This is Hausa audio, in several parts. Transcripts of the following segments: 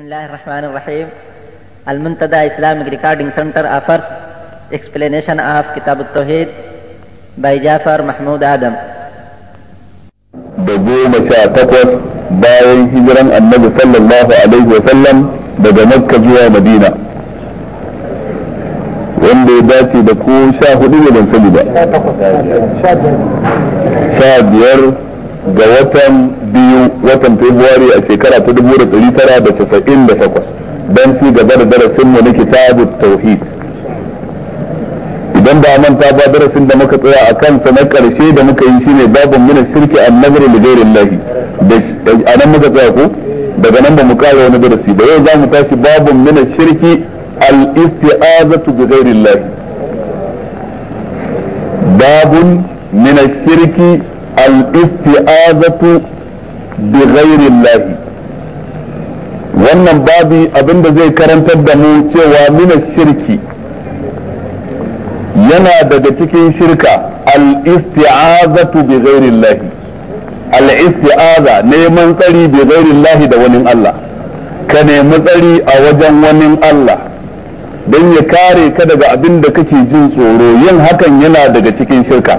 بسم الله الرحمن الرحيم المنتدى Islamic Recording Center offers explanation of Kitab al-Tawheed by Jafar Mahmoud Adam. Da goma sha takwas bayan hijiran annabi sallallahu alaihi wasallam daga Makka zuwa Madina. Wanda ya dace da ko sha hudu ne ban sani ba. Sha biyar ga watan biyu watan february a shekara ta dubu da ɗari tara da casa'in da takwas don ci gaba da darasin mu na kitabu tauhid idan ba manta ba darasin da muka tsaya a kansa na ƙarshe da muka yi shine babin mina shirki an nazari da lahi a nan muka tsaya ko daga nan ba mu kare wani darasi ba yau za mu tashi babin mina shirki al-isti'azatu bi lahi babun mina shirki al-isti'azatu بغير الله wannan babi abinda zai karantar da mu cewa mina shirki yana daga cikin shirka al-isti'azatu bi ghairillahi al-isti'aza neman tsari bi ghairillahi da wani Allah ka nemi tsari a wajen wani Allah don ya kare ka daga abinda kake jin tsoro yin hakan yana daga cikin shirka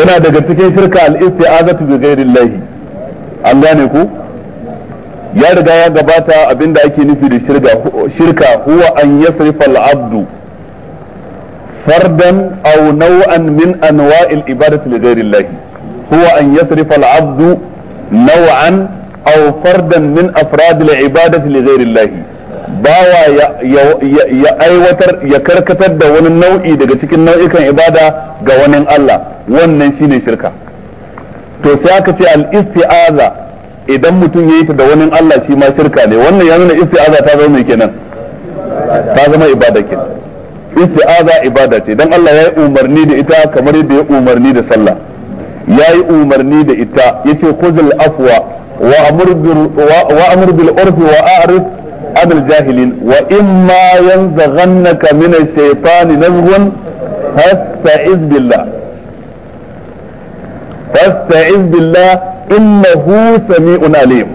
yana daga cikin shirka al-isti'azatu bi ghairillahi an gane ku ya riga ya gabata abinda ake nufi da shirka shirka huwa an yasrifa al-abdu fardan aw naw'an min anwa'il ibadati li ghairillahi huwa an yasrifa al-abdu naw'an aw fardan min afrad al-ibadati li ghairillahi bawa ya aiwatar ya karkatar da wani nau'i daga cikin nau'ikan ibada ga wani Allah wannan shine shirka to sai aka ce al-isti'aza idan mutum yayi ta da wani Allah shi ma shirka ne wannan ya nuna isti'aza ta zama mai kenan ta zama ibada kenan isti'aza ibada ce dan Allah ya yi umarni da ita kamar yadda ya umarni da sallah ya yi umarni da ita yace kuzul afwa wa amur bil urfi wa a'rif أبن الجاهلين وإما ينزغنك من الشيطان نزغ فاستعذ بالله فاستعذ بالله إنه سميع عليم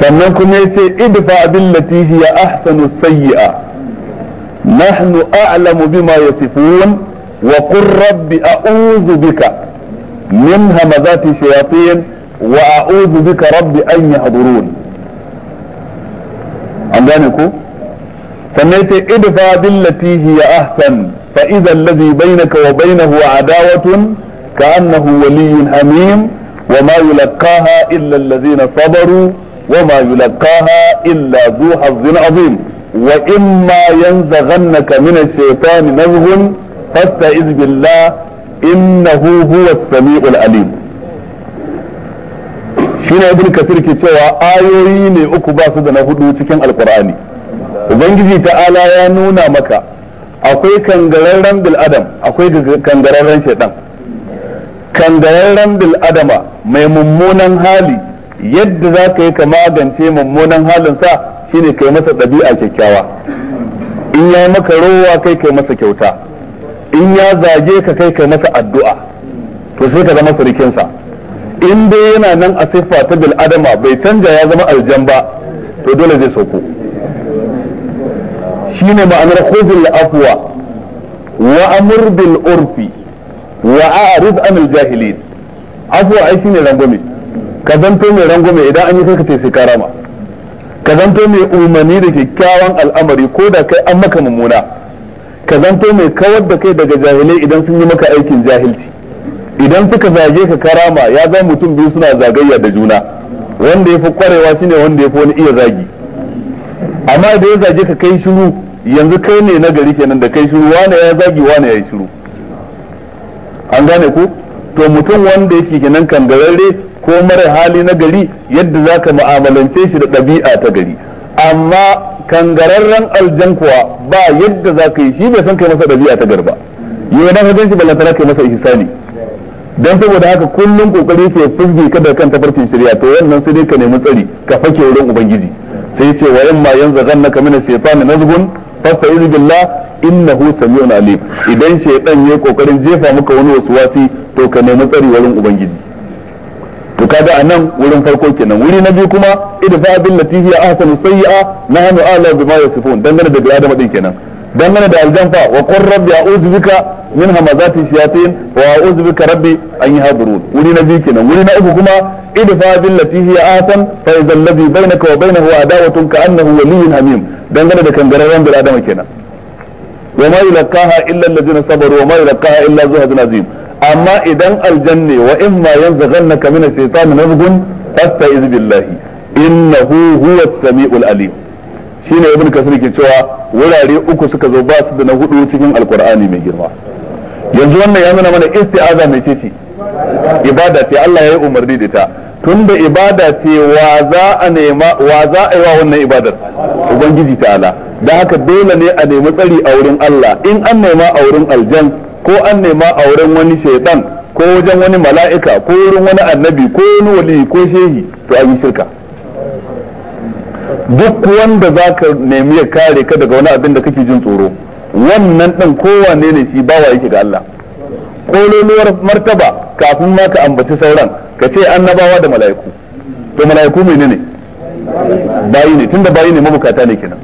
فمنكم يسي ادفع بالتي هي أحسن السيئة نحن أعلم بما يصفون وقل رب أعوذ بك من همزات الشياطين وأعوذ بك رب أن يحضرون an gane ko sannan ce idfa billati hiya ahsan fa idza alladhi bainaka wa bainahu adawatun ka'annahu waliyyun hamim wa ma yulqaha illa alladhina sabaru wa ma yulqaha illa dhu hazzin azim wa imma yanzaghannaka min ash-shaytani nazghun fasta'iz billah innahu huwa as-sami'ul alim shine ibn kasir ke cewa ayoyi ne uku ba su da na hudu cikin alqur'ani ubangiji ta'ala ya nuna maka akwai kangararren bil adam akwai kangararren shaitan kangararren bil adama mai mummunan hali yadda za ka yi ka magance mummunan halinsa shine kai masa ɗabi'a kyakkyawa in ya maka rowa kai kai masa kyauta in ya zage ka kai kai masa addu'a to sai ka zama surikinsa in dai yana nan a siffa ta bil adama bai canja ya zama aljan ba to dole zai sauko shi ne ma'anar khuzul afwa wa amur bil urfi wa a'rid anil jahilin afwa ai shine rangwame ka zanto mai rangwame idan an yi kai ce sai karama ka zanto mai umarni da kyakkyawan al'amari ko da kai an maka mummuna ka zanto mai kawar da kai daga jahilai idan sun yi maka aikin jahilci idan suka zage ka karama ya zama mutum biyu suna zagayya da juna wanda ya fi kwarewa shine wanda ya fi wani iya zagi amma da ya zage ka kai shiru yanzu kai ne na gari kenan da kai shiru wane ya zagi wane ya yi shiru an gane ku to mutum wanda yake kenan kangararre ko mara hali na gari yadda za ka mu'amalance shi da ɗabi'a ta gari amma kangararren aljan kuwa ba yadda za ka yi shi bai san kai masa ɗabi'a ta garba yi na hajjan shi ba kai masa ihsani dan saboda haka kullum kokari ke fuzgi kada kan tafarkin shirya to wannan sai dai ka nemi tsari ka fake wurin ubangiji sai ce wa yamma yanzu zannaka min shaytan nazgun fasta'iz billah innahu samiun alim idan shaytan yayi kokarin jefa maka wani wasi to ka nemi tsari wurin ubangiji to kaga anan wurin farko kenan wuri na biyu kuma idfa bil latihi ahsanu sayyi'a nahnu a'lamu bima yasifun dangane da bi din kenan dangane da aljanfa wa qur rabbi a'udhu bika min hamazati shayatin wa a'udhu bika rabbi an yahdurun wuri na biyu kenan wuri na uku kuma idfa billati hiya ahsan fa idha alladhi bainaka wa bainahu adawatun ka annahu waliyyun hamim dangane da kangararren bil adama kenan wa ma yulqaha illa alladhina sabaru wa ma yulqaha illa zuhadun azim amma idan aljanne wa imma yanzaghannaka min ash-shaytani nazghun fasta'iz billahi innahu huwa as-sami'ul alim shine ibn kasir ke cewa wurare uku suka zo ba su da na hudu cikin alqur'ani mai girma yanzu wannan ya nuna mana isti'aza mai ce ce ibada ce Allah ya yi umarni da ta tunda ibada ce wa za a nema wa za a yi wa wannan ibadar ubangiji ta'ala da haka dole ne a nemi tsari a wurin Allah in an nema a wurin aljan ko an nema a wurin wani Shaidan ko wajen wani mala'ika ko wurin wani annabi ko wani wali ko shehi to an yi shirka duk wanda za ka nemi ya kare ka daga wani abin da kake jin tsoro wannan ɗan kowane ne shi bawa yake ga Allah kololuwar martaba kafin ma ka ambaci sauran ka ce annabawa da mala'iku to mala'iku mai ne bayi ne tunda bayi ne mabukata ne kenan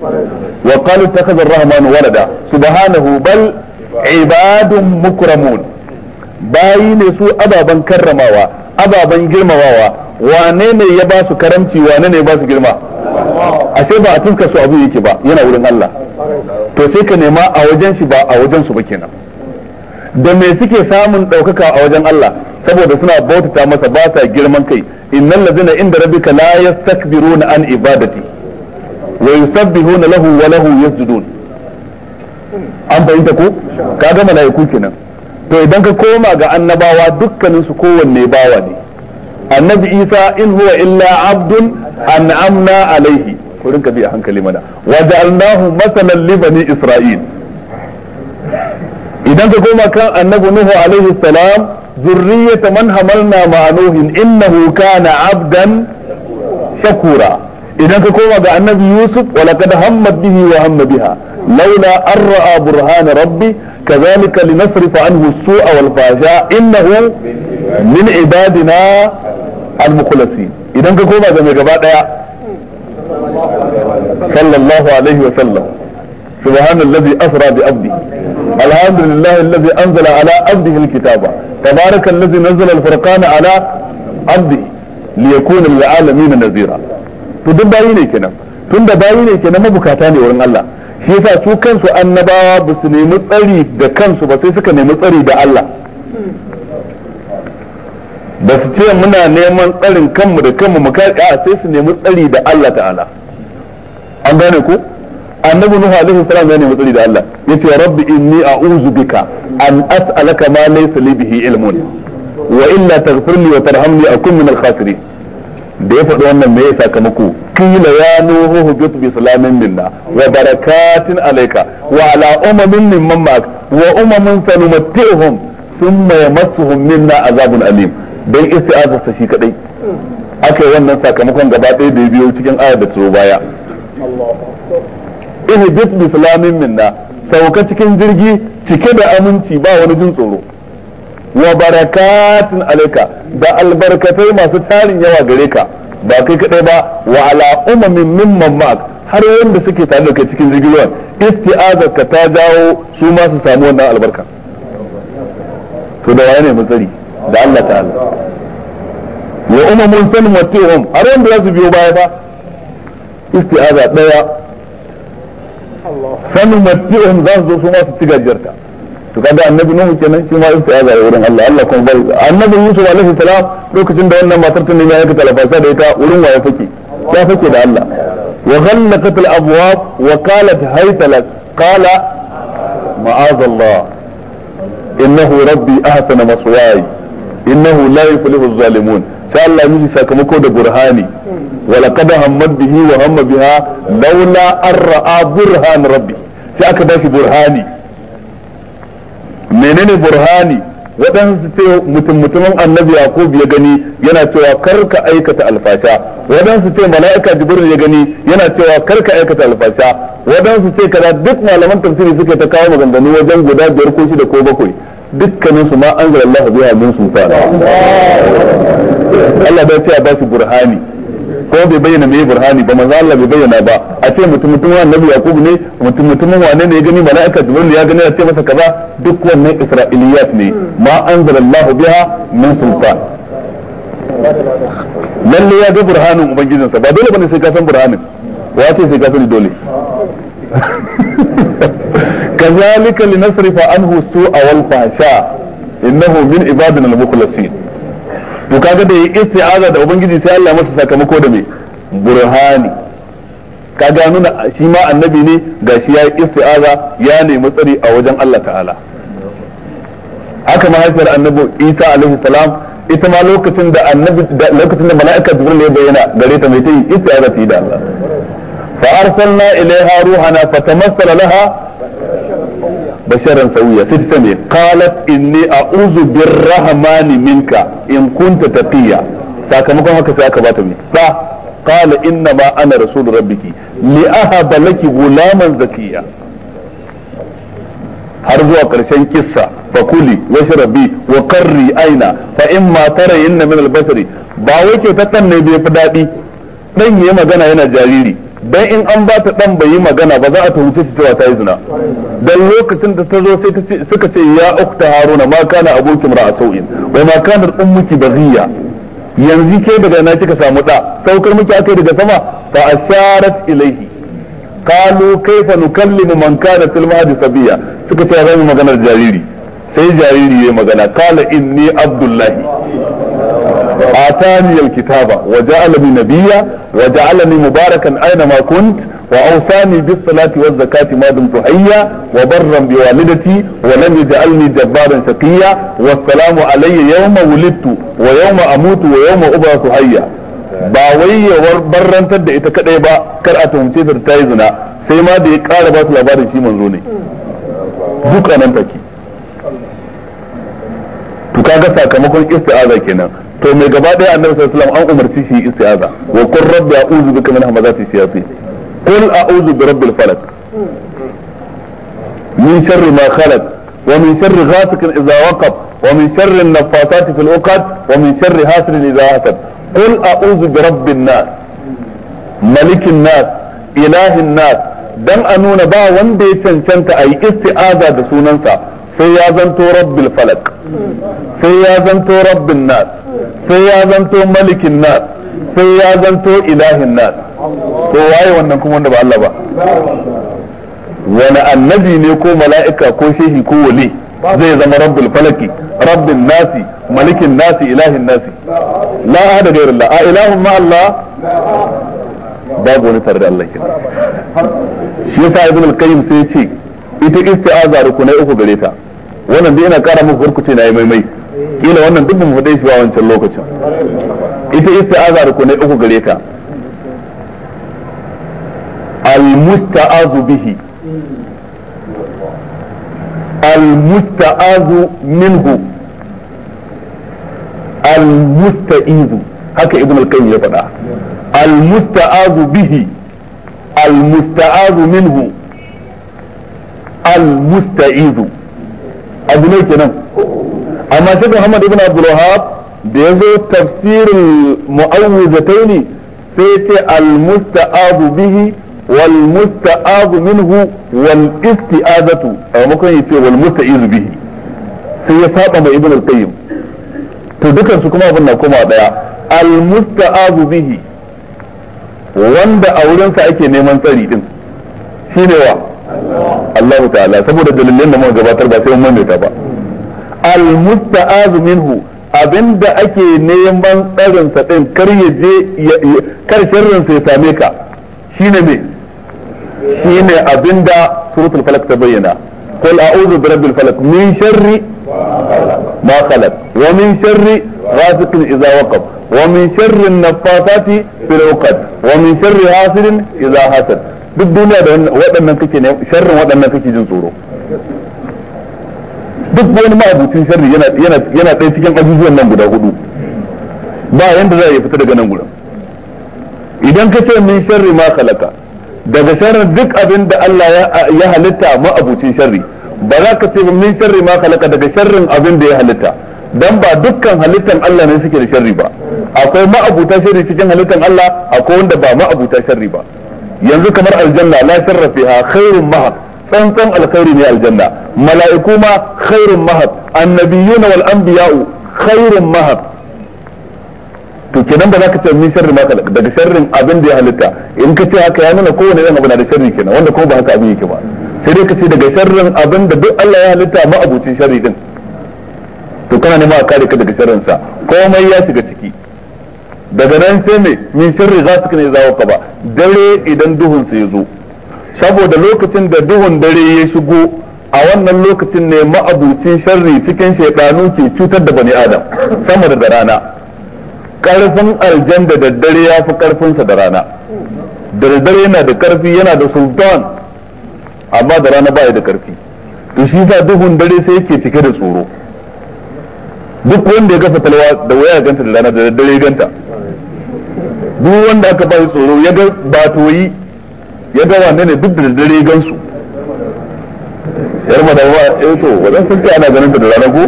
wa qalu takhadha rahmanu walada subhanahu bal ibadun mukramun bayi ne su ababan karramawa ababan girmamawa wane ne ya ba su karamci wane ne ya ba su girma ashe ba a tuska su abu yake ba yana wurin Allah to sai ka nema a wajen shi ba a wajen su ba kenan da me suke samun ɗaukaka a wajen Allah saboda suna bautata masa ba sa girman kai innal ladina inda rabbika la yastakbiruna an ibadati wa yusabbihuna lahu wa lahu yasjudun an fahimta ko kaga mala'iku kenan to idan ka koma ga annabawa dukkanin kowanne bawa ne annabi isa in huwa illa abdun an'amna alaihi ku rinka bi a hankali mana wa ja'alnahu masalan li bani isra'il idan ka koma kan annabi nuhu alaihi salam zurriyata man hamalna ma'a nuhin innahu kana abdan shakura idan ka koma ga annabi yusuf wa laqad hammat bihi wa hamma biha لولا أن رأى برهان ربي كذلك لنصرف عنه السوء والفحشاء إنه من عبادنا المخلصين إذا كما زي جبا صلى الله عليه وسلم سبحان الذي أسرى بعبده الحمد لله الذي أنزل على عبده الكتاب تبارك الذي نزل الفرقان على عبده ليكون للعالمين نذيرا to duk bayi ne kenan tun da bayi ne kenan mabukata ne wurin Allah shi yasa su kansu annabawa ba su nemi tsari da kansu ba sai suka nemi tsari da Allah ba su ce muna neman tsarin kanmu da kanmu mu kai a sai su nemi tsari da Allah ta'ala an gane ko annabi nuhu alaihi salam ya nemi tsari da Allah yace rabbi inni a'udhu bika an as'alaka ma laysa li bihi ilmun wa illa taghfirli wa tarhamni akun min al-khasirin da ya faɗi wannan mai sakamako kila ya nuhu hujjatu bi salamin minna wa barakatin alayka wa ala umamin mimman ma'ak wa umamin sanumattihum thumma yamassuhum minna azabun alim dan isti'aza sa shi kadai aka wannan sakamakon gaba ɗaya da biyo cikin ayar da tsoro baya ihdith bi salamin minna sauka cikin jirgi cike da aminci ba wani jin tsoro wa barakatun alayka da albarkatai masu tarin yawa gare ka ba kai kadai ba wa ala umamin mimman ma'ak har wanda suke tare da kai cikin jirgin isti'azar ka ta jawo su ma su samu wannan albarka to da waye ne mutsari da Allah ta'ala wa umamun san mutuhum har wanda za su biyo baya ba isti'aza daya san mutuhum za su zo su ma su ci to kaga annabi nuhu kenan shi ma yake azara wurin Allah Allah kuma bai annabi yusuf alaihi salam lokacin da wannan matar tun ya yake talafasa da ita wurin wa ya fake ya fake da Allah wa ghallaqat al abwab wa qalat hayta lak qala ma'az Allah innahu rabbi ahsana maswaya innahu la yuflihu adh-dhalimun sai Allah yi sakamako da burhani wa laqad hammat bihi wa hamma biha laula an ra'a burhan rabbi sai aka bashi burhani menene burhani waɗansu ce mutum mutumin annabi yaqub ya gani yana cewa kar ka aikata alfasha waɗansu ce mala'ika jibril ya gani yana cewa kar ka aikata alfasha waɗansu ce kaza duk malaman tafsiri suke ta kawo maganganu wajen guda biyar ko shida ko bakwai dukkanin su ma anzalallahu biha min sultana Allah ya ce ba su burhani ko bai bayyana mai burhani ba manzo Allah bai bayyana ba a ce mutum mutum wa annabi yakubu ne mutum mutumin wane ne ya gani mala'ika jibril ya gani ya ce masa kaza duk wannan isra'iliyat ne ma anzalallahu biha min sultan lalle ya ga burhanin ubangijinsa ba dole bane sai ka san burhanin wa ce sai ka sani dole كذلك لنصرف عنه السوء والفحشاء إنه من عبادنا المخلصين to kaga da yi isti'aza da ubangiji sai Allah masa sakamako da me burhani kaga nuna shi ma annabi ne ga shi ya yi isti'aza ya nemi tsari a wajen Allah ta'ala haka mahaifiyar annabi Isa alaihi salam ita ma lokacin da annabi lokacin da mala'ika Jibril ya bayyana gare ta mai ta yi isti'aza ta yi da Allah fa arsalna ilaiha ruhana fatamassala laha basharan sauya sai ta me qalat inni a'udhu birrahmani minka in kunta tafiya. sakamakon haka sai aka bata me ba qala inna ma ana rasul rabbiki li ahaba laki gulaman zakiya har zuwa karshen kissa fa kuli washrabi wa qarri aina fa imma tarayinna min albasari basri ba wai ke ta ne bai fi dadi dan yayi magana yana jariri dan in an ba ta dan bai yi magana ba za a tuhumce shi cewa ta yi zina dan lokacin da ta zo sai ta ce suka ce ya ukta haruna ma kana abuki mar'a sau'in wa ma kana ummuki baghiya yanzu ke daga na kika samu da saukar miki akai daga sama fa asharat ilaihi qalu kayfa nukallimu man kana fil mahdi sabiya suka ce za mu magana da jariri sai jariri ya magana kala inni abdullahi آتاني الكتاب وجعلني نبيا وجعلني مباركا أينما كنت وأوصاني بالصلاة والزكاة ما دمت حيا وبرا بوالدتي ولم يجعلني جبارا شقيا والسلام علي يوم ولدت ويوم أموت ويوم أبعث حيا ba wai ya barrantar da ita kadai ba kar a tuhumce da ta yi zina sai ma da ya kara ba su labarin shi manzo ne duk anan take to kaga sakamakon isti'aza kenan to mai gaba daya annabi sallallahu alaihi wasallam an umarci shi istiaza wa qur rabbi a'udhu bika min hamazati shayatin qul a'udhu bi rabbil falaq min sharri ma khalaq wa min sharri ghasikin idha waqab wa min sharri an-naffathati fil 'uqad wa min sharri hasidin idha hasad qul a'udhu bi rabbin nas malikin nas ilahin nas dan anuna ba wanda ya cancanta ayi isti'aza da sunansa sai ya zanto rabbil falak sai ya zanto rabbin nas sai ya zanto malikin nas sai ya zanto ilahin nas to waye wannan kuma wanda ba Allah ba wani annabi ne ko mala'ika ko shehi ko wali zai zama rabbul falaki rabbin nasi malikin nasi ilahin nasi la ahada ghayr Allah a ilahun ma Allah babu wani tare da Allah kenan shi yasa ibn al-qayyim sai ya ce ita isti'aza rukunai uku gare ta wannan duk ina kara muku gurkuce na yi maimai kila wannan duk mu dai shi a wancan lokacin ita isti'aza rukunai uku gare ta al-musta'azu bihi al-musta'azu minhu al-musta'izu haka ibn al-qayyim ya faɗa al-musta'azu bihi al-musta'azu minhu al-musta'izu abu ne kenan amma shi Muhammad ibn Abdul Wahhab da yazo tafsirin mu'awwizataini sai ce al-musta'adu bihi wal musta'adu minhu wal isti'azatu a makon yace wal musta'izu bihi sai ya saba mai ibn al-qayyim to dukan su kuma abin na koma daya al musta'adu bihi wanda a wurinsa ake neman tsari din shine wa Allah ta'ala saboda dalilin da muka gabatar ba sai mun maimaita ba al musta'az minhu abinda ake neman tsarin sa din kar ya je kar sharrin sa ya same ka shine me shine abinda suratul falak ta bayyana qul a'udhu bi rabbil falak min sharri ma khalaq wa min sharri غاسق إذا وقب ومن شر النفاثات في العقد ومن شر حاسد إذا حسد duk duniya da waɗannan kake ne sharrin waɗannan kake jin tsoro duk wani ma'abucin sharri yana yana yana ɗaya cikin ajujuwan nan guda hudu ba yanda za a fita daga nan gurin idan ka ce min sharri ma kalaka daga sharrin duk abin da Allah ya halitta ma'abucin sharri ba za ka ce min sharri ma kalaka daga sharrin abin da ya halitta dan ba dukkan halittan Allah ne suke da sharri ba akwai ma'abuta sharri cikin halittan Allah akwai wanda ba ma'abuta sharri ba yanzu kamar aljanna la sharra fiha khairun mahab tsantsan alkhairi ne aljanna mala'iku ma khairun mahab annabiyuna wal anbiya'u khairun mahab to kenan ba za ka ce min sharri ma daga sharrin abin da ya halitta in ka ce haka ya nuna kowane irin abu na da sharri kenan wanda kuma ba haka abin yake ba sai dai ka ce daga sharrin abin da duk Allah ya halitta ma abucin sharri din to kana nema a kare ka daga sharrin sa komai ya shiga ciki daga nan sai mai min shirri za su kane zawo ka ba dare idan duhun su ya zo saboda lokacin da duhun dare ya shigo a wannan lokacin ne ma'abucin sharri cikin shaidanu ke cutar da bani adam sama da rana karfin aljan da daddare ya fi karfinsa da rana daddare yana da karfi yana da sultan amma da rana baya da karfi to shi sa duhun dare sai yake cike da tsoro duk wanda ya ga fatalwa da waya ganta da rana da daddare ganta duk wanda aka ba tsoro ya ga batoyi ya ga wane ne duk da dare gansu yar ba eh to wadan sun ce ana ganin da rana ko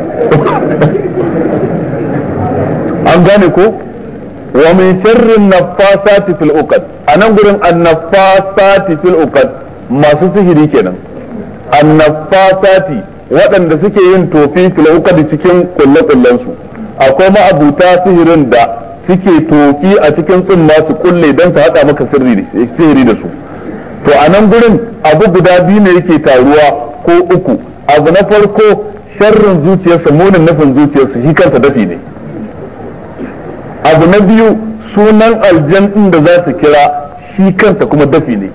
an gane ko wa min sharrin nafasati fil uqad anan gurin annafasati fil uqad masu sihiri kenan annafasati waɗanda suke yin tofi fil uqad cikin kullakullansu akwai ma'abuta sihirin da suke tofi a cikin tsumma su kulle don su haɗa maka sirri da su to a nan gurin abu guda biyu ne yake taruwa ko uku abu na farko sharrin zuciyarsa munin nufin zuciyarsa shi kansa dafi ne abu na biyu sunan aljan ɗin da za su kira shi kansa kuma dafi ne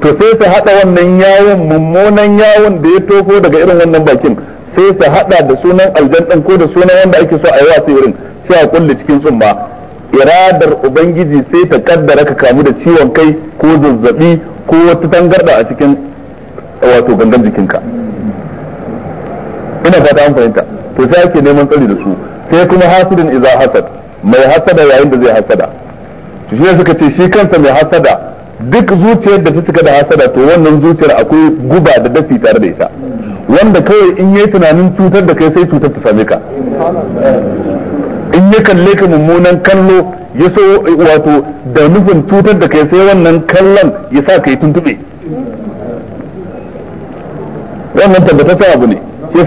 to sai su haɗa wannan yawon mummunan yawon da ya tofo daga irin wannan bakin sai su haɗa da sunan aljan ɗin ko da sunan wanda ake so a yi wa sai a kulle cikin tsumma iradar ubangiji sai ta kaddara ka kamu da ciwon kai ko zazzabi ko wata tangarda a cikin wato gangan jikinka ina fata an fahimta to sai ake neman tsari da su sai kuma hasudin iza hasad mai hasada yayin da zai hasada to shi suka ce shi kansa mai hasada duk zuciyar da ta cika da hasada to wannan zuciyar akwai guba da dafi tare da ita wanda kawai in yi tunanin cutar da kai sai cutar ta same ka ya kalle ka mummunan kallo ya so wato da nufin cutar da kai sai wannan kallon ya sa ka yi tuntube wannan sa abu ne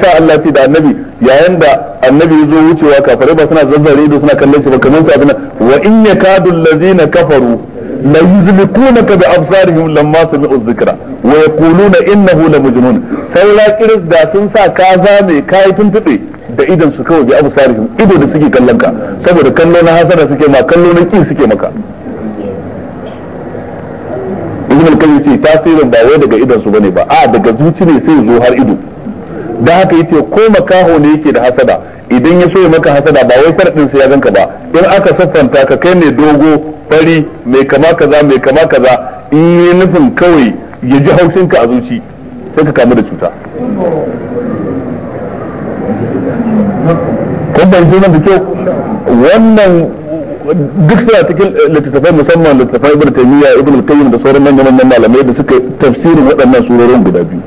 sa Allah ce da annabi yayin da annabi ya zo wucewa kafare ba suna zazzare ido suna kallon shi ba kamar su abin wa in yakadu allazina kafaru la ka bi absarihim lamma sami'u dhikra wa yaquluna innahu la majnun sai la kiris da sun sa ka zame kai tuntube da idan su kawai abu sarihim ido da suke kallon ka saboda kallo na hasada suke ma kallo na kin suke maka ibn al-qayyim ce tasirin ba wai daga idan su bane ba a daga zuci ne sai zo har ido da haka yace ko makaho ne yake da hasada idan ya so ya maka hasada ba wai sarɗin sai ya ganka ba in aka siffanta ka kai ne dogo fari mai kama kaza mai kama kaza in yi nufin kawai ya ji haushinka a zuci sai ka kamu da cuta kun ban sunan da kyau wannan duk suna cikin eh, littattafai musamman littattafai ibn taymiya ibn al-qayyim da sauran manyan manyan malamai da suka tafsirin waɗannan surorin guda biyu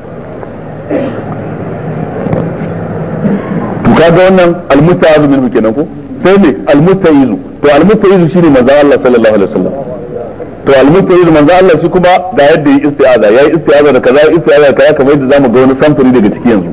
to ga wannan al-musta'az minhu kenan ko sai ne al-musta'izu to al-musta'izu shine manzo Allah sallallahu alaihi wasallam to al-musta'izu manzo Allah shi kuma ga yadda yi isti'aza yayi isti'aza da kaza yayi isti'aza da kaza kamar yadda zamu ga wani samfuri daga ciki yanzu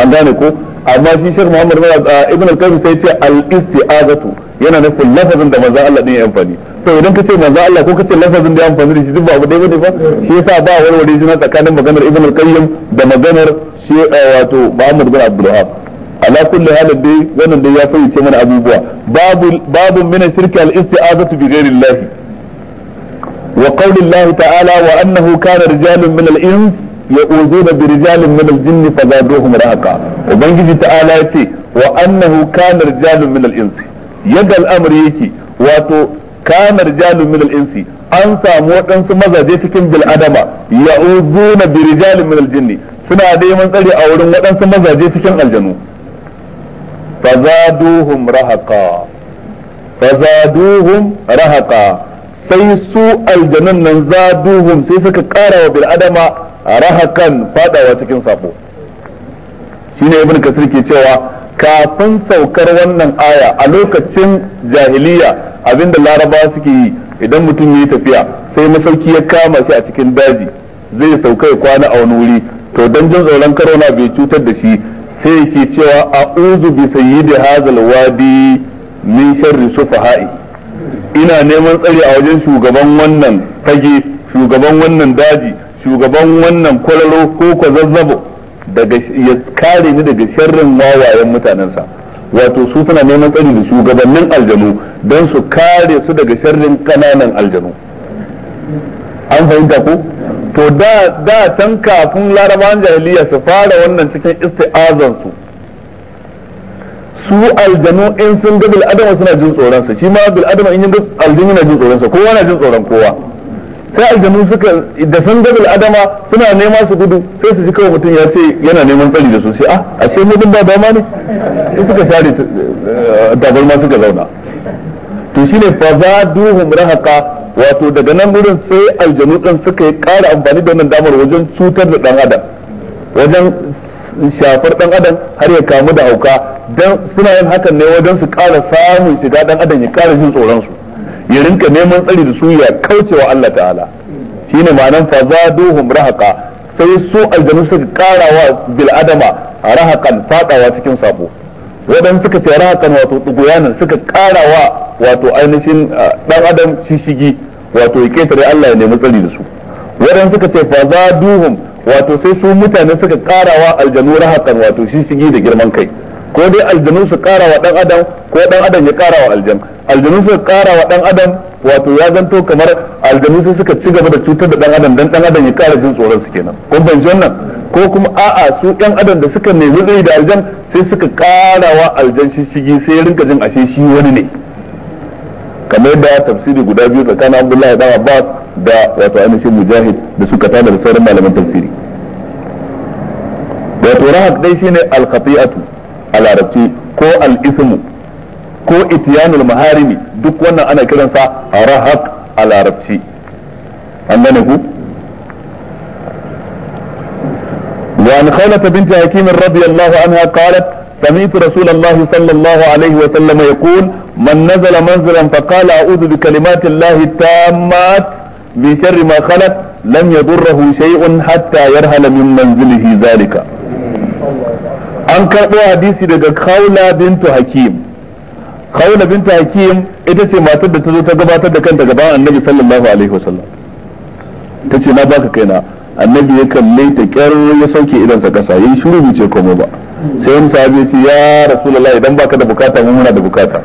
an gane ko amma shi shek muhammad uh, ibn al-qayyim sai ce al-isti'azatu yana nufin lafazin da manzo Allah din ya amfani to idan kace manzo Allah ko kace lafazin da ya amfani da shi duk ba abu dai bane ba shi yasa ba warware juna tsakanin maganar ibn al-qayyim da maganar shi uh, wato Muhammad bin Abdul Wahhab ala kulli hal dai wannan dai ya fahimce mana abubuwa babu babu min shirki al-isti'azatu bi ghairi Allah wa qawli Allah ta'ala wa annahu kana rijalun min al-ins يؤذون برجال من الجن فزادوهم رهقا وبنجي تعالى يتي وأنه كان رجال من الإنس يد الأمر يكي واتو كان رجال من الإنس أنسى موطن سمزا جيتكم بالأدمة يؤذون برجال من الجن سنا ديما تلي أولون وطن سمزا جيتكم الجنو فزادوهم رهقا فزادوهم رهقا sai su aljanun nan zaduhum sai suka kara wa bil'adama rahakan fadawa cikin sabo shine ibn kasir ke cewa kafin saukar wannan aya a lokacin jahiliya abinda laraba suke yi idan mutum ya tafiya sai masauki ya kama shi a cikin daji zai sauka ya kwana a wani wuri to don jin tsoron karona bai cutar da shi sai yake cewa a uzu bi da hazal wadi min sharri sufaha'i ina neman tsari a wajen shugaban wannan fage shugaban wannan daji shugaban wannan kwararo ko zazzabo daga ya kare ni daga sharrin wawayen mutanensa wato su suna neman tsari da shugabannin aljanu don su kare su daga sharrin kananan aljanu an fahimta ko to da da can kafin larabawan jahiliya su fara wannan cikin isti'azan su su aljanu in sun ga bil adama suna jin tsoron sa shi ma bil adama in yin aljanu na jin tsoron sa kowa na jin tsoron kowa sai aljanu suka da san gabal adama suna nema su gudu sai su ji kawai mutum ya ce yana neman tsari da su sai ah ashe mu ba dama ne sai suka share eh, tabarma suka zauna to shine fa zaduhum rahaqa wato daga nan gurin sai aljanu din suka yi ƙara amfani da wannan damar wajen cutar da dan adam wajen shafar dan adam har ya kamu da hauka dan suna yin hakan ne wajen su ƙara samun shiga dan adam ya ƙara jin tsoron su ya rinka neman tsari da su ya kaucewa Allah ta'ala shine ma'anan fazaduhum rahaqa sai su aljanu suka wa bil adama rahaqan fadawa cikin sabo wadan suka ce rahaqan wato duguyanan suka wa wato ainihin ah, dan adam shishigi wato ya ketare Allah ya nemi tsari da su wadan suka ce fazaduhum wato sai su mutane suka kara wa aljanu rahaqan wato shishigi da girman kai ko dai aljanu su kara wa dan adam ko dan adam ya kara wa aljan aljanu su kara wa dan adam wato ya zanto kamar aljanu su suka ci gaba da cutar da dan adam dan dan adam ya kara jin tsoron su kenan kun ban wannan ko kuma a'a su dan adam da suka nemi zai da aljan sai suka kara wa aljan shi shigi sai rinka jin ashe shi wani ne kamar yadda tafsiri guda biyu tsakanin Abdullahi da Abbas da wato ainihin Mujahid da suka tana da sauran malaman tafsiri wato rahab dai shine al-khati'atu a larabci ko al-ismu ko itiyanul maharimi duk wannan ana kiransa rahaq a larabci an gane ku وعن خولة بنت حكيم رضي الله عنها قالت سمعت رسول الله صلى الله عليه وسلم يقول من نزل منزلا فقال أعوذ بكلمات الله التامات من شر ما خلق لم يضره شيء حتى يرهل من منزله ذلك an karɓo hadisi daga kaula bintu hakim kaula bintu hakim ita ce matar da ta zo ta gabatar da kanta gaban annabi sallallahu alaihi wasallam ta ce na baka kaina annabi ya kalle ta kyar ya sauke idansa kasa yayi shiru bi ce komo ba sai wani sahabi ya ce ya rasulullah idan baka da bukata mu muna da bukata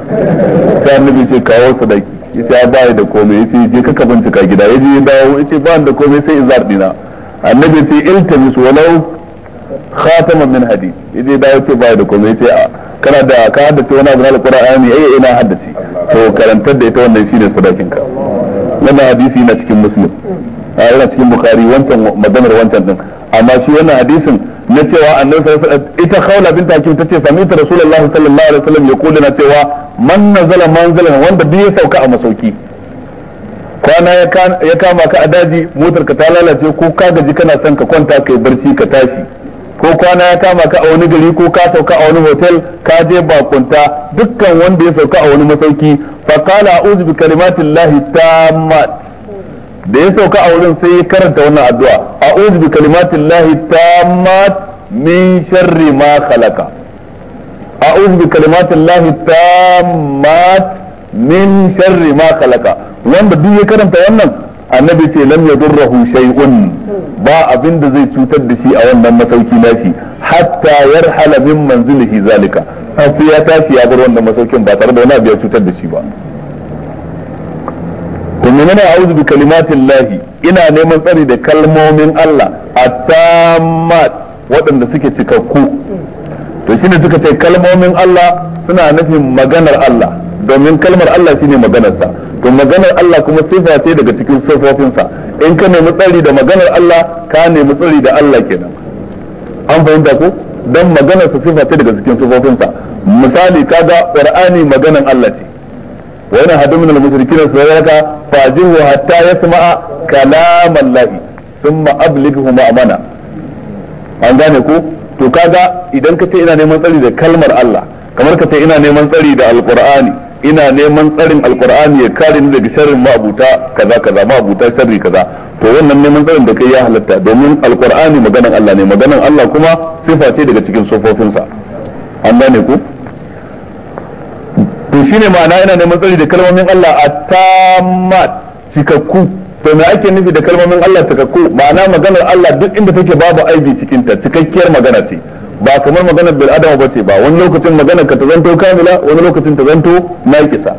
sai annabi ce kawo sadaki ya ce ah, ba da komai ya ce je ka ka bincika gida ya je ya dawo ya ce ba da komai sai izar dina annabi ya ce iltamis walau khataman min hadi idai da yace bai da komai a kana da ka haddace wani abu na alqur'ani ai eh, ina haddace to karantar da ita wannan shine sadakin ka wannan hadisi na cikin muslim a yana cikin bukhari wancan maganar wancan din amma shi wannan hadisin na cewa annabi sallallahu alaihi wasallam ita khawla bint hakim tace sami ta rasulullahi sallallahu alaihi wasallam kula na cewa man nazala manzalan wanda duk ya sauka a masauki kwana ya kama ka a daji motar ka ta lalace ko ka gaji kana son ka kwanta kai barci ka tashi ko kwana ya kama ka a wani gari ko ka sauka a wani hotel ka je bakunta dukkan wanda ya sauka a wani masauki fa qala a'udhu bi kalimatillahi tammat da ya sauka a wurin sai ya karanta wannan addu'a a'udhu bi kalimatillahi tammat min sharri ma khalaqa a'udhu bi kalimatillahi tammat min sharri ma khalaqa wanda duk ya karanta wannan annabi ce lam durrahu shay'un ba abin da zai cutar da shi a wannan masauki nashi hatta yarhala min manzilihi zalika har sai ya tashi ya bar wannan masaukin ba tare da wani abu ya cutar da shi ba kuma nuna a'udhu bi kalimatin lahi ina neman tsari da kalmomin Allah at-tammat waɗanda suke cikakku to shine suka ce kalmomin Allah suna nufin maganar Allah domin kalmar Allah shine maganarsa to maganar Allah kuma sifa ce daga cikin sifofinsa in ka nemi tsari da maganar Allah ka nemi tsari da Allah kenan an fahimta ko dan maganar sa sifa ce daga cikin sifofinsa misali kaga qur'ani maganar Allah ce wa yana hadu min al-mushrikeena sayyaka fajihu hatta yasma'a kalam Allah thumma ablighu ma'amana an gane ko to kaga idan ka ce ina neman tsari da kalmar Allah kamar ka ce ina neman tsari da alqur'ani ina neman tsarin alkur'ani ya kare ni daga sharrin ma'abuta kaza kaza ma'abuta sharri kaza to wannan neman tsarin da kai ya halatta domin alkur'ani maganan Allah ne maganan Allah kuma sifa ce daga cikin sofofinsa an gane ku to shine ma'ana ina neman tsari da kalmomin Allah a tammat cikakku to me ake nufi da kalmomin Allah cikakku ma'ana maganar Allah duk inda take babu aibi cikin ta cikakkiyar magana ce ba kamar maganar bil adama ba ce ba wani lokacin maganar ka ta zanto kamila wani lokacin ta zanto naƙisa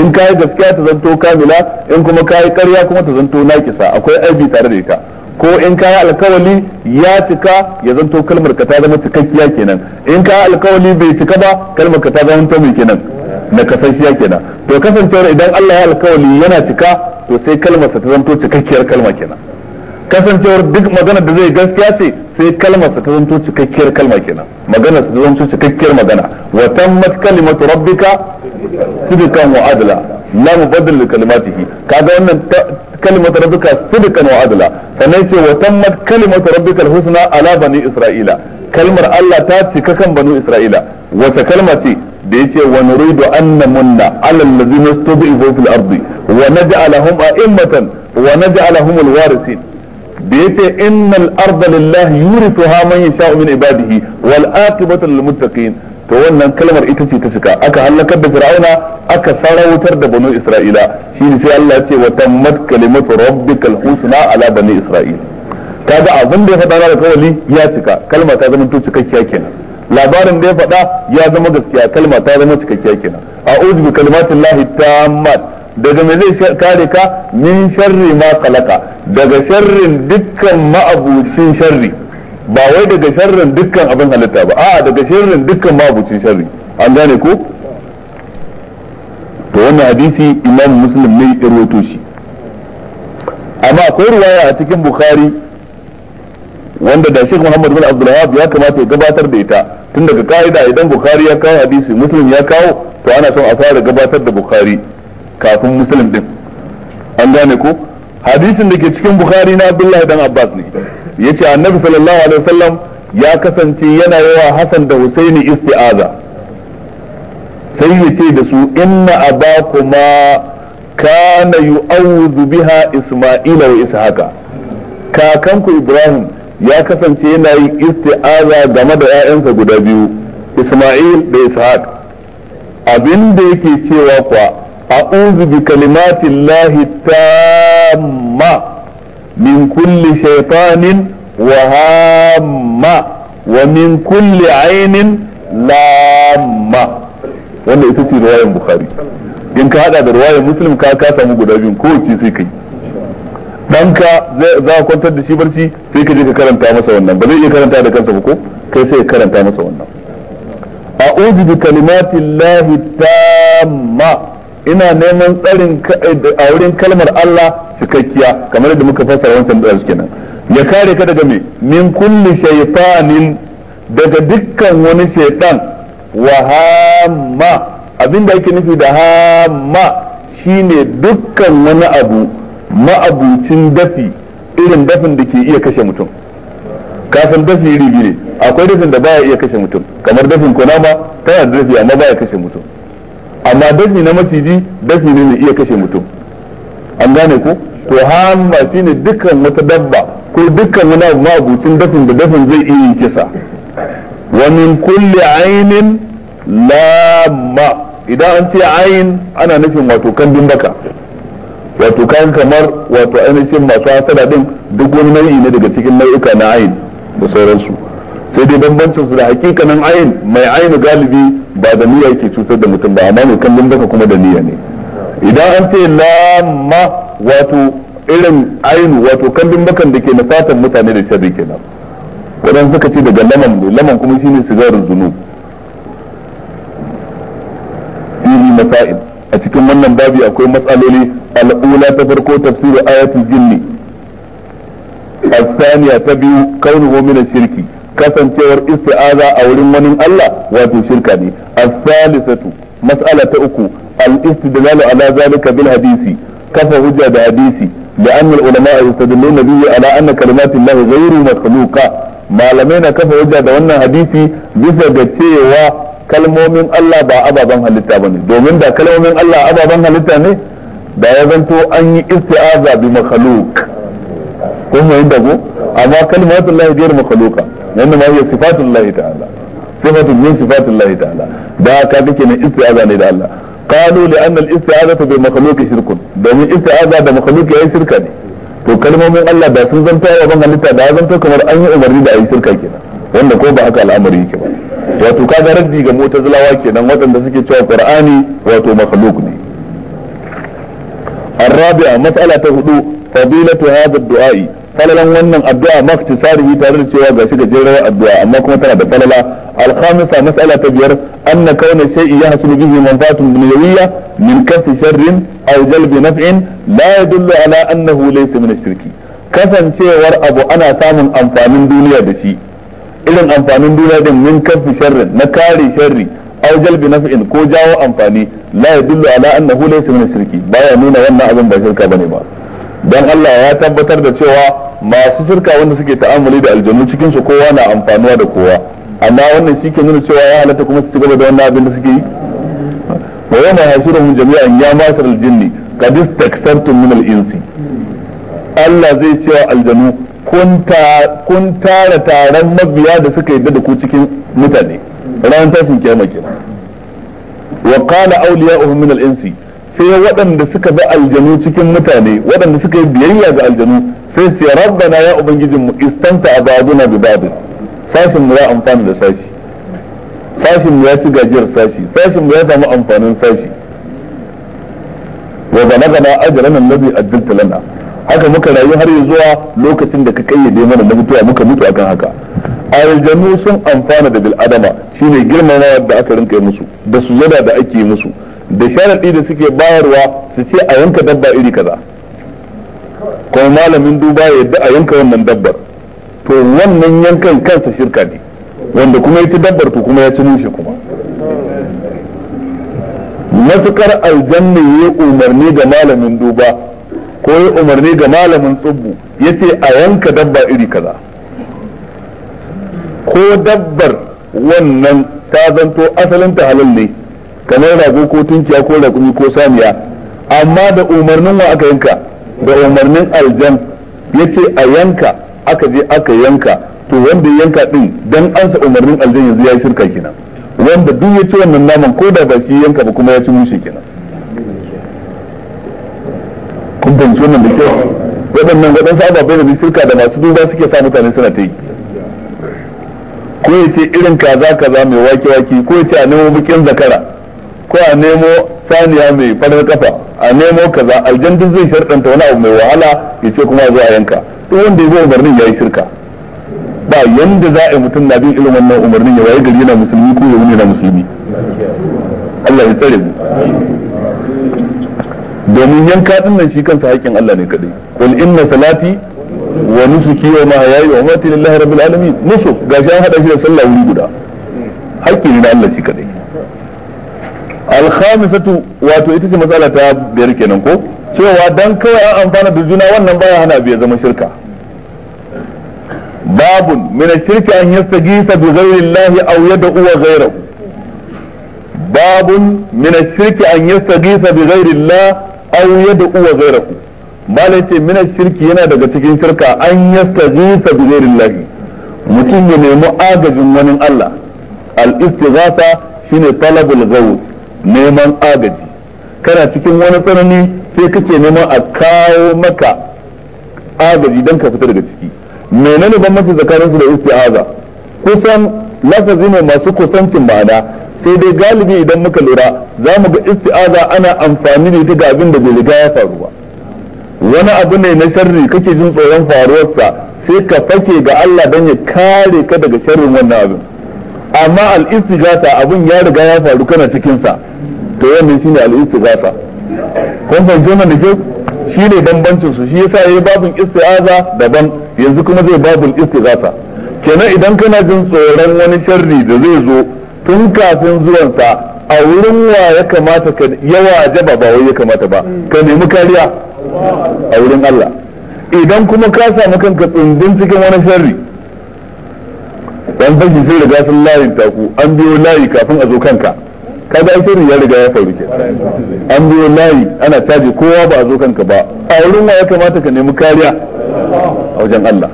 in ka gaskiya ta zanto kamila in kuma ka yi ƙarya kuma ta zanto naƙisa akwai aibi tare da ita ko in ka yi alkawali ya cika ya zanto kalmar ka ta zama cikakkiya kenan in ka yi bai cika ba kalmar ka ta zama ta mai kenan na kasashiya kenan to kasancewar idan Allah ya alkawali yana cika to sai kalmar ta zanto cikakkiyar kalma kenan kasancewar duk magana da zai gaskiya ce sai kalmar sa ta zanto cikakkiyar kalma kenan magana ta zanto cikakkiyar magana wa tammat kalimatu rabbika sidqan wa adla la mubaddil li kalimatihi kaga wannan kalimatu rabbika sidqan wa adla sannan ce wa tammat kalimatu rabbika alhusna ala bani isra'ila kalmar Allah ta cika kan banu isra'ila wata kalma ce da yace wa nuridu an namunna ala allazina istud'ifu fil ardi wa naj'alahum a'immatan wa naj'alahum alwarisin da yace innal arda lillahi yurithuha man yasha'u min ibadihi wal aqibatu lil muttaqin to wannan kalmar ita ce ta cika aka halakar da fir'auna aka sarautar da banu isra'ila shine sai Allah ya ce wa tammat kalimatu rabbikal husna ala bani isra'il kaga abin da ya faɗa da kawali ya cika kalma ta zama to cikakkiya kenan labarin da ya faɗa ya zama gaskiya kalma ta zama cikakkiya kenan a'udhu bi kalimatillahi tammat daga me zai kare ka min sharri ma kalaka daga sharrin dukkan ma'abucin sharri ba wai daga sharrin dukkan abin halitta ba a'a daga sharrin dukkan ma'abucin sharri an gane ko to wannan hadisi imam muslim ne ya rawaito shi amma akwai ruwaya a cikin bukhari wanda da shi muhammad bin abdulwahab ya kamata ya gabatar da ita tun daga ka'ida idan bukhari ya kawo hadisi muslim ya kawo to ana son a fara gabatar da bukhari kafin musulun din an gane ko hadisin da ke cikin bukhari na abdullah dan abbas ne ya ce annabi sallallahu alaihi wasallam ya kasance yana yawa hasan da husaini isti'aza sai ya ce da su inna abakuma kana yu'awudu biha isma'ila wa ishaqa kakanku ibrahim ya kasance yana yin isti'aza game da 'ya'yansa guda biyu isma'il da ishaq abin da yake cewa kuwa أعوذ بكلمات الله التامة من كل شيطان وهامة ومن كل عين لامة ita ce riwayar Bukhari, in ka hada da ruwaya muslim ka ka samu guda biyu kowace sai kai danka za a kwantar da shi barci sai ka je ka karanta masa wannan ba zai iya karanta da kansa ba ko kai sai ka karanta masa wannan a'udhu bi kalimati llahi tamma ina neman tsarin eh, a wurin kalmar Allah cikakkiya kamar da muka fasa wancan da kenan ya kare ka daga me min kulli shaytanin daga dukkan wani shaytan wa hamma abinda yake nufi da hamma shine dukkan wani abu ma'abucin dafi irin dafin da ke iya kashe mutum kafin dafi iri biyu ne akwai dafin da baya iya kashe mutum kamar dafin kunama tana da dafi amma baya kashe mutum amma dafi na maciji dafi ne mai iya kashe mutum an gane ku to hamma shine dukkan wata dabba ko dukkan wani abu mabucin dafin da dafin zai iya yi kisa wa min kulli ainin lamma idan an ce ayin ana nufin wato kambin baka wato kayan kamar wato ainihin masu hasada din duk wani nau'i ne daga cikin nau'uka na ayin da sauransu sai dai bambancin su da hakikanin ayin mai ainu galibi ba da niyya yake cutar da mutum ba amma mai kallon baka kuma da niyya ne idan an ce lamma wato irin ainu wato kallon bakan da ke na fatan mutane da sharri kenan wadanda suka ce daga laman ne laman kuma shine sigarin zunu fili masail a cikin wannan babi akwai matsaloli al'ula ta farko tafsiru ayatul jinni الثانية biyu كونه من shirki. kasancewar isti'aza a wurin wani Allah wato shirka ne as-salisatu mas'ala ta uku al-istidlalu ala zalika bil hadisi kafa hujja da hadisi لأن العلماء يستدلون به على أن كلمات الله Malamai na kafa لمينا da wannan hadisi, bisa بس cewa kalmomin Allah ba ababen halitta bane domin da kalmomin Allah ababen halitta ne da ya zanto an yi isti'aza bi makhluq kun fahimta ko amma kalmatu Allah ghayr makhluqa wannan ma hiya sifatullahi ta'ala sifatun min sifatullahi ta'ala da ka kake nan isti'aza ne da Allah qalu li anna al-isti'azatu bi makhluqi shirkun domin isti'aza da makhluqi yayi shirka ne to kalmomin Allah da sun zanta wa ban halitta da zanta kamar an yi umarni da ayi shirka kenan wanda ko ba haka al'amari yake ba wato kaga raddi ga mu'tazilawa kenan waɗanda suke cewa qur'ani wato makhluq ne الرابعة مسألة هدوء فضيلة هذا الدعاء falalan wannan addu'a max tsari tare da cewa gashi da jerawar addu'a amma kuma tana da falala alhamisa mas'ala ta biyar anna kauna shay'i ya hasu bihi manfaatun dunyawiyya min kasi sharrin aw jalbi naf'in la yadullu ala annahu laysa min shirki kasancewar abu ana samun amfanin duniya da shi irin amfanin duniya din min kasi sharrin na kare sharri aw jalbi naf'in ko jawo amfani la yadullu ala annahu laysa min shirki baya nuna wannan abin ba shirka bane ba dan Allah ya tabbatar da cewa masu shirka wanda suke ta'amuli da aljanu cikin su kowa na amfanuwa da kowa amma wannan shi ke nuna cewa ya halatta kuma su ci gaba da wannan abin da suke yi wa yawma yashuruhum jami'an ya masar aljinni qad istakthartum min al-insi Allah zai cewa aljanu kun tara taron mabiya da suka yadda da ku cikin mutane ran tashin kiyama kenan wa qala awliya'uhum min al-insi sai waɗanda suka bi aljanu cikin mutane waɗanda suka yi biyayya ga aljanu sai su rabbana ya ubangijin mu a abaduna bi ba'd sashin mu ya amfana da sashi sashin mu ya ci gajiyar sashi sashin mu ya samu amfanin sashi wa balagana ajrana allazi ajjalta lana haka muka rayu har zuwa lokacin da ka kayyade mana na mutuwa muka mutu akan haka aljanu sun amfana da bil'adama shine girmamawa da aka rinka musu da yada da ake yi musu da sharaɗi da suke bayarwa su ce a yanka dabba iri kaza kuma malamin duba ya yadda a yanka wannan dabbar to wannan yankan kansa shirka ne wanda kuma ya ci dabbar to kuma ya ci nushe kuma matukar aljanna ya umarni ga malamin duba ko ya umarni ga malamin tsubbu ya ce a yanka dabba iri kaza ko dabbar wannan ta zanto asalin ta halal ne kamar rago ko tunkiya ko raƙumi ko saniya amma da umarnin wa aka yanka da umarnin aljan ya ce a yanka aka je aka yanka to wanda ya yanka din dan ansa umarnin aljan yanzu ya yi shirka kenan wanda duk ya ci wannan naman ko da ba shi yanka ba kuma ya ci mushe kenan kun fahimci wannan da kyau waɗannan waɗansu ababai da shirka da masu duba suke sa mutane suna ta yi ko ya ce irin kaza kaza mai wake wake ko ya ce a nemo bikin zakara ko a nemo saniya mai farar kafa a nemo kaza aljan duk zai sharɗanta wani abu mai wahala ya ce kuma zuwa yanka duk wanda ya zo umarnin ya yi shirka ba yanda za a yi mutum na bin irin wannan umarnin ya waye gari yana musulmi ko ya wuni yana musulmi Allah ya tsare mu domin yanka din nan shi kansa haƙƙin Allah ne kadai qul inna salati wa nusuki wa mahyaya wa mamati lillahi rabbil alamin nusuk gashi an hada shi da sallah wuri guda haƙƙi ne na Allah shi kadai alkhamisatu wato ita ce matsala ta biyar kenan ko cewa dan kawai an amfana da juna wannan baya hana biya zama shirka babun min shirka an yastagisa bi aw yad'u babun min shirka an yastagisa bi ghairillah aw yad'u ghayrahu bala ce min shirki yana daga cikin shirka an yastagisa bi ghairillahi mutum ya nemi agajin wani Allah al-istighatha shine talabul ghawth neman agaji kana cikin wani tsanani sai kake neman a kawo maka agaji don ka fita daga ciki menene mace tsakanin su da isti'aza kusan lafazi ne masu kusancin ma'ana sai dai galibi idan muka lura za mu ga isti'aza ana amfani da ita ga abin da bai riga ya faru ba wani abu ne na sharri kake jin tsoron faruwarsa sai ka fake ga Allah don ya kare ka daga sharrin wannan abin amma al-istighatha abun ya riga ya faru kana cikinsa sa to wannan shine al-istighatha kun fahimci wannan da kyau shine bambancin su shi yasa yayi babun isti'aza daban yanzu kuma zai babun istighatha kenan idan kana jin tsoron wani sharri da zai zo tun kafin zuwansa a wurin wa ya kamata ka yawa jaba ba wai ya kamata ba ka nemi kariya a wurin Allah idan kuma ka samu kanka tsundun cikin wani sharri dan banki sai riga sun layin taku an biyo layi kafin a zo kanka kaga ai sirri ya riga ya faru ke an biyo layi ana caji kowa ba a zo kanka ba a wurin ya kamata ka nemi kariya a wajen Allah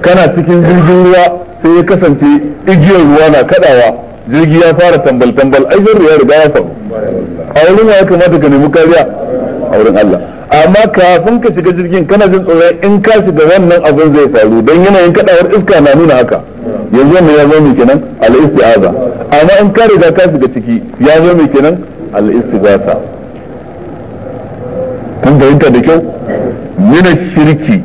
kana cikin jirgin ruwa sai ya kasance igiyar ruwa na kadawa jirgi ya fara tambal tambal ai sirri ya riga ya faru a wurin ya kamata ka nemi kariya a wurin Allah amma kafin ka shiga jirgin kana jin tsoron in ka shiga wannan abin zai faru don yanayin kadawar iska na nuna haka yanzu wannan ya zo mai kenan al-istiaza amma in ka riga ka shiga ciki ya zo mai kenan al-istighatha kun fahimta da kyau yana shirki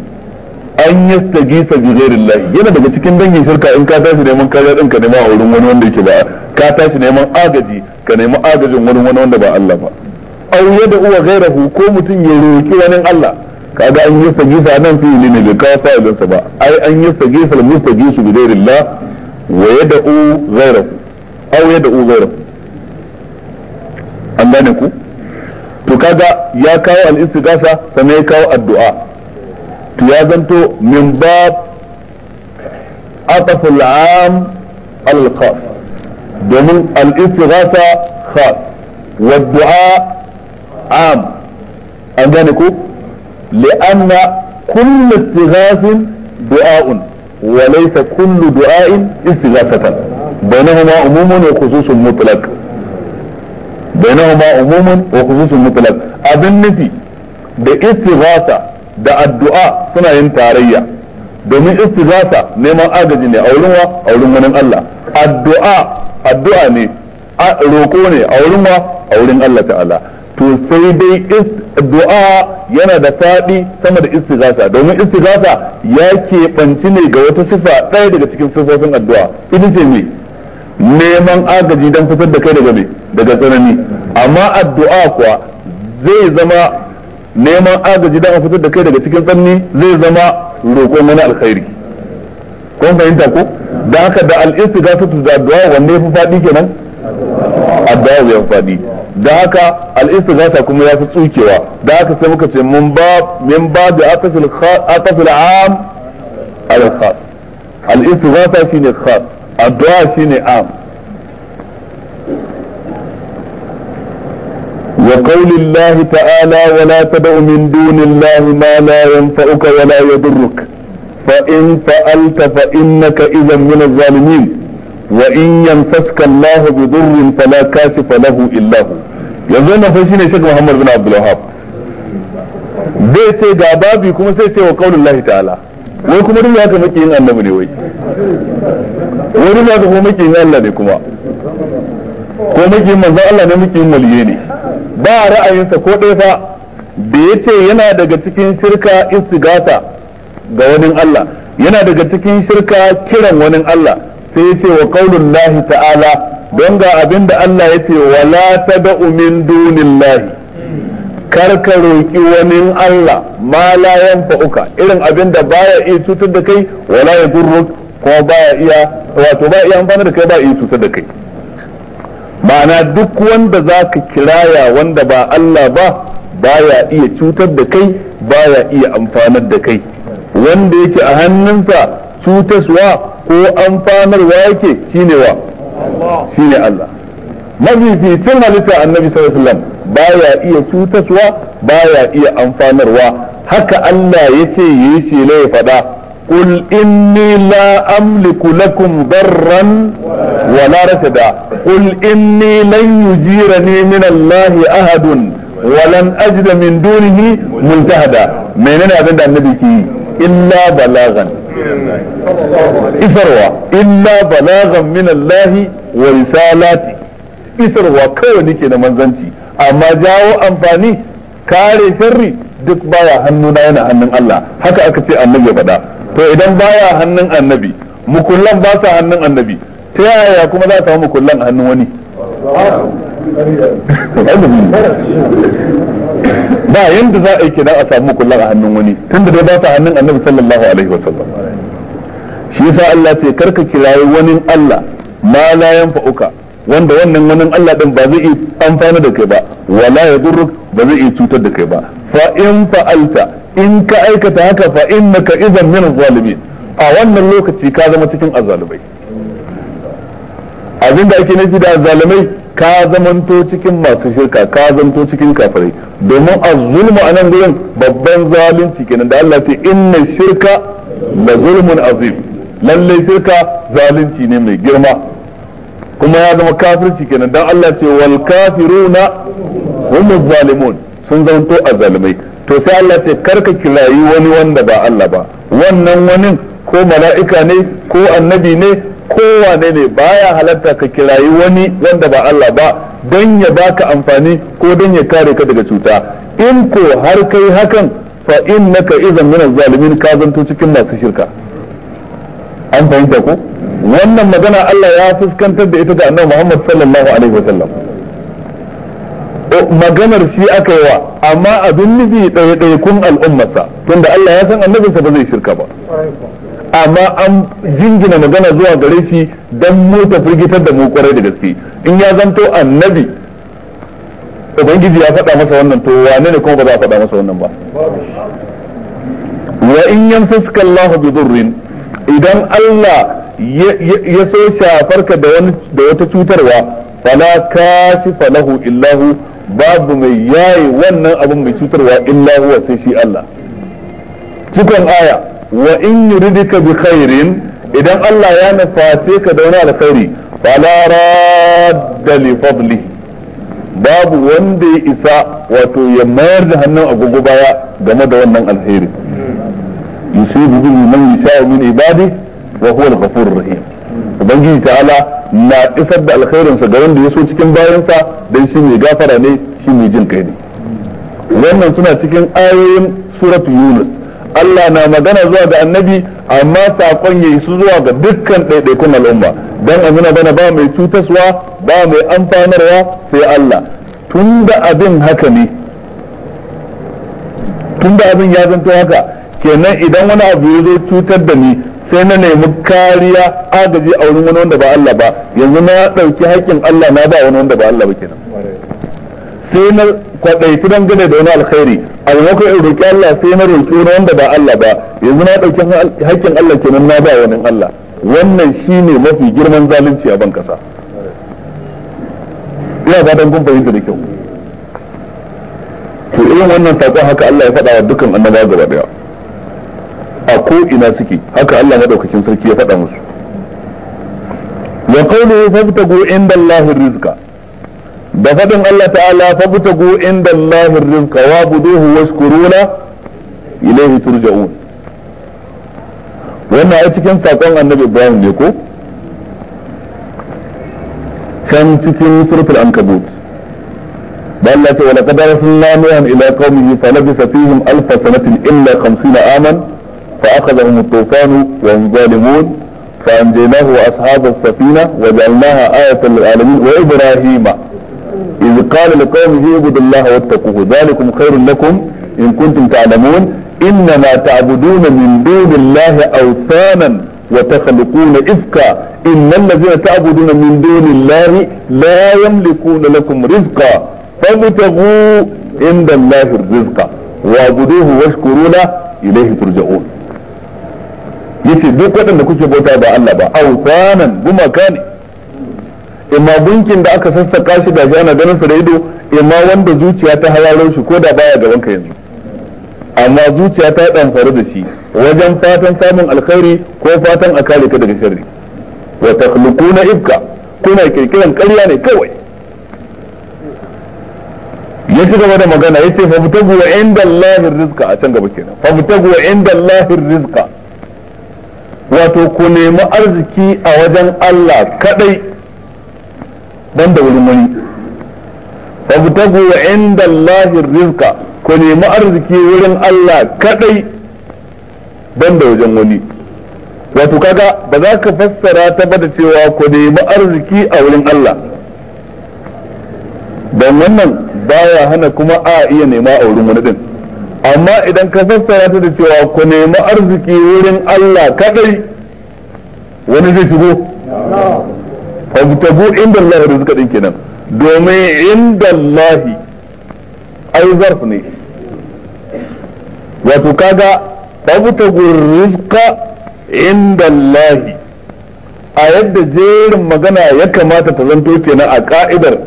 an yastagisa bi ghairillah yana daga cikin dangin shirka in ka tashi neman kariya din ka nema a wurin wani wanda yake ba ka tashi neman agaji ka nema agajin wani wani wanda ba Allah ba aw yad'u wa ghayrahu ko mutum ya roki wani Allah kaga an yi sagisa nan fi ne bai kawo fa'idan ba ai an yi sagisa mustajisu bi ghayrillah wa yad'u ghayrahu aw yad'u ghayrahu an gane ku to kaga ya kawo al-istighatha sannan ya kawo addu'a to ya zanto min bab عطف العام على الخاص ضمن الاستغاثة wa du'a عام ان أنجانكو لأن كل استغاث دعاء وليس كل دعاء استغاثة بينهما عموم وخصوص مطلق بينهما عموم وخصوص مطلق أبنتي باستغاثة دا الدعاء سنة ينتارية دومي استغاثة نما آجزيني أولوها أولوها من الله الدعاء الدعاء ني روكوني أولوها أولين الله تعالى to sai dai du'a yana da faɗi sama da istighasa domin istighasa ya keɓanci ne ga wata sifa ɗaya daga cikin sifofin addu'a ita ce me neman agaji don fitar da kai daga me daga tsanani amma addu'a kuwa zai zama neman agaji don fitar da kai daga cikin tsanani zai zama roƙon wani alkhairi kun fahimta ko da haka da al'istighasa istighasa da addu'a wanne ya fi faɗi kenan addawa bai amfani da haka al-istighatha kuma ya fi tsukewa da haka sai muka ce mun ba min ba da atafil atafil am al khas al-istighatha shine khas addu'a shine am وقول الله تعالى ولا تدع من دون الله ما لا ينفعك ولا يضرك فإن فعلت فإنك إذا من الظالمين wa in الله بضر فلا كاشف له kashifa هو illa yanzu na fa shine Sheikh Muhammad bin Abdul Wahhab zai ce ga babi kuma sai ce wa qaulin ta'ala wai kuma duk haka muke yin annabi ne wai wani duk haka muke yin Allah ne kuma ko muke yin manzo Allah ne muke yin waliye ne ba ra'ayinsa ko dai fa da yace yana daga cikin shirka istigata ga wani Allah yana daga cikin shirka kiran wani Allah sai yace wa qaulun lahi ta'ala don ga abin da Allah yace wala tad'u min dunillahi kar ka roki wani Allah ma la yanfa'uka irin abin ba baya iya cutar da kai wala yadurruk ko baya iya wato baya iya amfana da kai baya iya cutar da kai ma'ana duk wanda zaka kiraya wanda ba Allah ba baya iya cutar da kai baya iya amfanar da kai wanda yake a hannunsa tutaswa ko amfanarwa yake shine wa shine Allah mafificin halitta annabi sallallahu alaihi baya iya tutaswa baya iya amfanarwa haka Allah yace yi shi ya fada qul inni la amliku lakum darran wa la rashada qul inni lan yujirani min Allah ahadun ولن أجد من دونه ملتهدا من أنا أبدا النبي إلا بلاغا isarwa illa balagan min Allah wa risalati isarwa kawai nake da manzanci amma jawo amfani kare sharri duk baya hannuna yana hannun Allah haka aka ce annabi faɗa to idan baya hannun annabi mukullan ba sa hannun annabi ta yaya kuma za a samu mukullan hannun wani ba yanda za a yi kira a samu kullar a hannun wani tunda dai ba ta hannun annabi sallallahu alaihi wa sallam. shi yasa Allah ce karka kirayi wani Allah ma la uka wanda wannan wani Allah din ba zai amfana da kai ba wala ya duru ba zai iya cutar da kai ba fa in fa'alta in ka aikata haka fa innaka idan min zalimin a wannan lokaci ka zama cikin azalibai. abinda ake nufi da azzalumai ka zamanto cikin masu shirka ka zamanto cikin kafirai domin a zulmu a nan gudun babban zalunci kenan da Allah ce inna shirka la zulmun azim lallai shirka zalunci ne mai girma kuma ya zama kafirci kenan da Allah ce wal kafiruna hum zalimun sun zamanto azalimai to sai Allah ce karka kirayi wani wanda ba Allah ba wannan wani ko mala'ika ne ko annabi ne kowane ne baya halatta ka kirayi wani wanda ba Allah ba don ya baka amfani ko don ya kare ka daga cuta in ko har kai hakan fa innaka idan min zalimin ka zanto cikin masu shirka an fahimta ko wannan magana Allah ya fuskantar da ita da Annabi Muhammad sallallahu alaihi wasallam maganar shi aka yi wa amma abin nufi ɗaya-ɗaya kun al'ummarsa tunda Allah ya san annabinsa ba zai shirka ba amma an jingina magana zuwa gare shi don mota firgitar da mu da gaske in ya zanto annabi ubangiji ya faɗa masa wannan to wane ne kuma ba za a faɗa masa wannan ba wa in yamsaska Allah bi durrin idan Allah ya so shafarka da da wata cutarwa fala kashi lahu illahu babu mai yayi wannan abin mai cutarwa illahu huwa sai shi Allah cikon aya wa in yuridika bi khairin idan Allah ya nuface ka da wani alkhairi fala radda li fadli babu wanda ya isa wato ya mayar da hannun agogo baya game da wannan alheri yusibu bihi man yasha'u min ibadi wa huwa al-ghafurur rahim ubangiji ta'ala na isar da alkhairinsa ga wanda ya so cikin bayansa dan shi mai gafara ne shi mai jin kai ne wannan suna cikin ayoyin suratu yunus Allah na magana zuwa ga annabi amma saƙon ya su zuwa ga dukkan ɗaiɗaikun al'umma don a nuna bana ba mai cutaswa ba mai amfanarwa sai Allah tun da abin haka ne tun da abin ya zanto haka kenan idan wani abu ya zo cutar da ni sai na nemi kariya agaji a wurin wani wanda ba Allah ba yanzu na ɗauki haƙƙin Allah na ba wani wanda ba Allah ba kenan sai na kwaɗaitu don gane da wani alkhairi a maimakon in roƙi Allah sai na roƙi wani wanda ba Allah ba yanzu na ɗauki haƙƙin Allah kenan na ba wani Allah wannan shine mafi girman zalunci a ban kasa ina ba don kun da kyau to irin wannan saƙon haka Allah ya faɗa wa dukkan annaba gaba daya a ko ina suke haka Allah madaukakin sarki ya faɗa musu wa qawluhu fabtagu inda Allahi rizqa da faɗin Allah ta'ala fabtagu inda Allahi rizqa wa buduhu washkuruna ilaihi turja'un wannan a cikin sakon annabi Ibrahim ne ko can cikin suratul ankabut da Allah ta wala qad arsalna nuhan ila qaumihi falabisa fihim alf sanatin illa 50 aman fa akhadhahum at-tufan wa hum zalimun فأنجيناه وأصحاب السفينة وجعلناها آية للعالمين وإبراهيم إذ قال لقومه اعبدوا الله واتقوه ذلكم خير لكم إن كنتم تعلمون إنما تعبدون من دون الله أوثانا وتخلقون إفكا إن الذين تعبدون من دون الله لا يملكون لكم رزقا فابتغوا عند الله الرزق واعبدوه واشكروا له إليه ترجعون yace duk waɗanda kuke bauta ba Allah ba awsanan gumaka ne imma gunkin da aka sassaka shi da ana ganin sa da ido imma wanda zuciya ta hararo shi ko da baya gaban ka yanzu amma zuciya ta faru da shi wajen fatan samun alkhairi ko fatan a kare ka daga sharri wa takhluquna ibka kuna kirkiran ƙarya ne kawai ya ci gaba da magana yace fa mutagu wa inda Allahir rizqa a can gaba kenan fa mutagu wa inda Allahir rizqa wato ku nemi arziki a wajen Allah kadai dan da wurin wani fabtagu inda Allah rizqa ku nemi arziki wurin Allah kadai dan da wajen wani wato kaga ba za ka fassara ta ba da cewa ku nemi arziki a wurin Allah don wannan baya hana kuma a iya nema a wurin wani din amma idan ka fassara ta da cewa ku nemi arziki wurin Allah kadai wani zai shigo fabtabu inda Allah suka din kenan domin inda Allah ai zarf ne wato kaga fabtabu rizqa inda Allah a yadda jerin magana ya kamata ta zanto kenan a ka'idar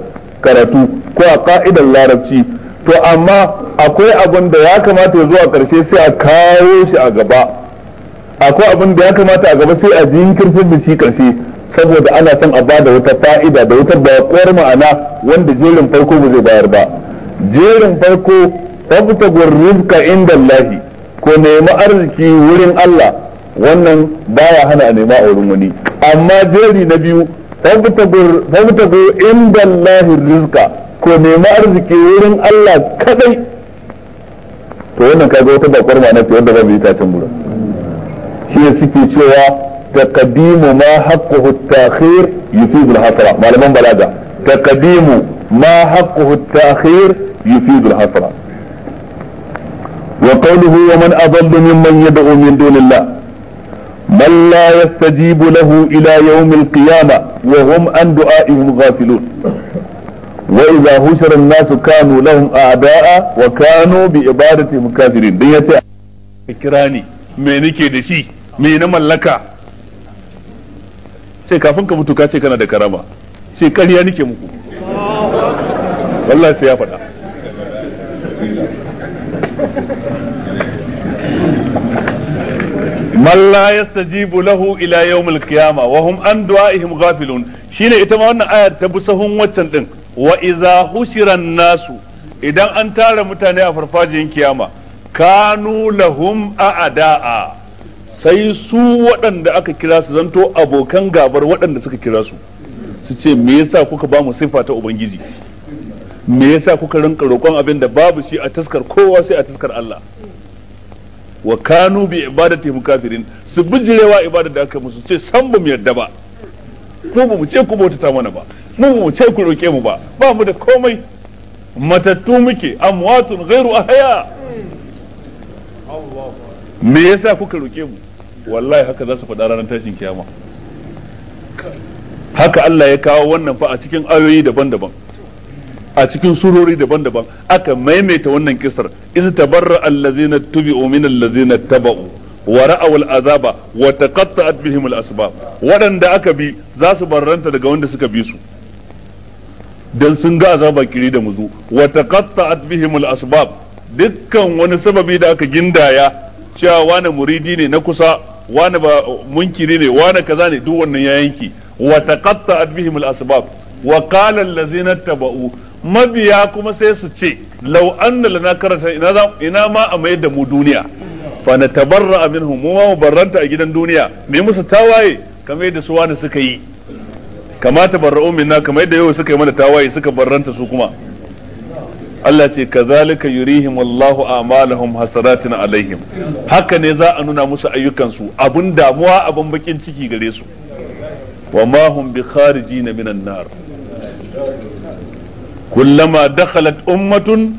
karatu ko a ka'idar larabci to amma akwai abin da ya kamata ya zuwa karshe sai a kawo shi a gaba akwai abin da ya kamata a gaba sai a jinkirtar da shi karshe saboda ana son a bada wata fa'ida da wata baƙuwar ma'ana wanda jerin farko ba zai bayar ba jerin farko fabtagur rizqa inda Allah ko nemi arziki wurin Allah wannan baya hana a nema a wurin wani amma jeri na biyu fabtagur inda Allah rizqa ko nemi arziki wurin Allah kadai to wannan kaga wata baƙuwar ma'ana to wanda ba mu yi tacin mura. shi suke cewa تقديم ما حقه التأخير يفيد الحسرة معلمان بلاغة تقديم ما حقه التأخير يفيد الحسرة وقوله ومن أضل ممن يدعو من دون الله من لا يستجيب له إلى يوم القيامة وهم عن دعائهم غافلون وإذا هشر الناس كانوا لهم أعداء وكانوا بعبادتهم كافرين دي إكراني مينيكي دشي مين ملكا sai kafin ka mutu ka ce kana da karama sai ƙarya nike muku wallahi sai ya faɗa man la yastajibu lahu ila yawmil qiyama wa hum an du'aihim ghafilun shine ita ma wannan ayar ta bi sahun waccan din wa idza nasu idan an tara mutane a farfajiyar kiyama kanu lahum a'da'a sai su waɗanda aka kira su zanto abokan gabar waɗanda suka kira su su ce me yasa kuka ba mu sifa ta ubangiji me yasa kuka rinka roƙon abin da babu shi a taskar kowa sai a taskar Allah wa kanu bi ibadati mukafirin su bijirewa ibadar da aka musu ce san ba mu yarda ba mu ba mu ce ku bautata mana ba mu ba mu ce ku roƙe mu ba ba mu da komai matattu muke amwatun ghairu ahya me yasa kuka roƙe mu wallahi haka za su faɗa ranar tashin kiyama haka Allah ya kawo wannan fa a cikin ayoyi daban-daban a cikin surori daban-daban aka maimaita wannan kisar iz tabarra allazina tubi'u min allazina taba'u wa ra'aw al'azaba wa taqatta'at bihim al'asbab waɗanda aka bi za su barranta daga wanda suka bi su dan sun ga azaba kiri da muzu wa taqatta'at bihim al'asbab dukkan wani sababi da aka gindaya cewa wani muridi ne na kusa wani ba munkiri ne wani kaza ne duk wannan ya yanki wa taqatta'at bihim al-asbab wa qala allazina taba'u mabiya kuma sai su ce law anna lana karata ina za ina ma a mai da mu duniya fa natabarra minhum mu ma barranta a gidan duniya me musu tawaye kamar yadda su wani suka yi kamata barra'u minna kamar yadda yau suka yi mana tawaye suka barranta su kuma Allah ce kazalika yurihim Allahu a'malahum hasaratin alaihim haka ne za a nuna musu ayyukansu abun damuwa abun bakin ciki gare su wa ma hum bi kharijin minan nar kullama dakhalat ummatun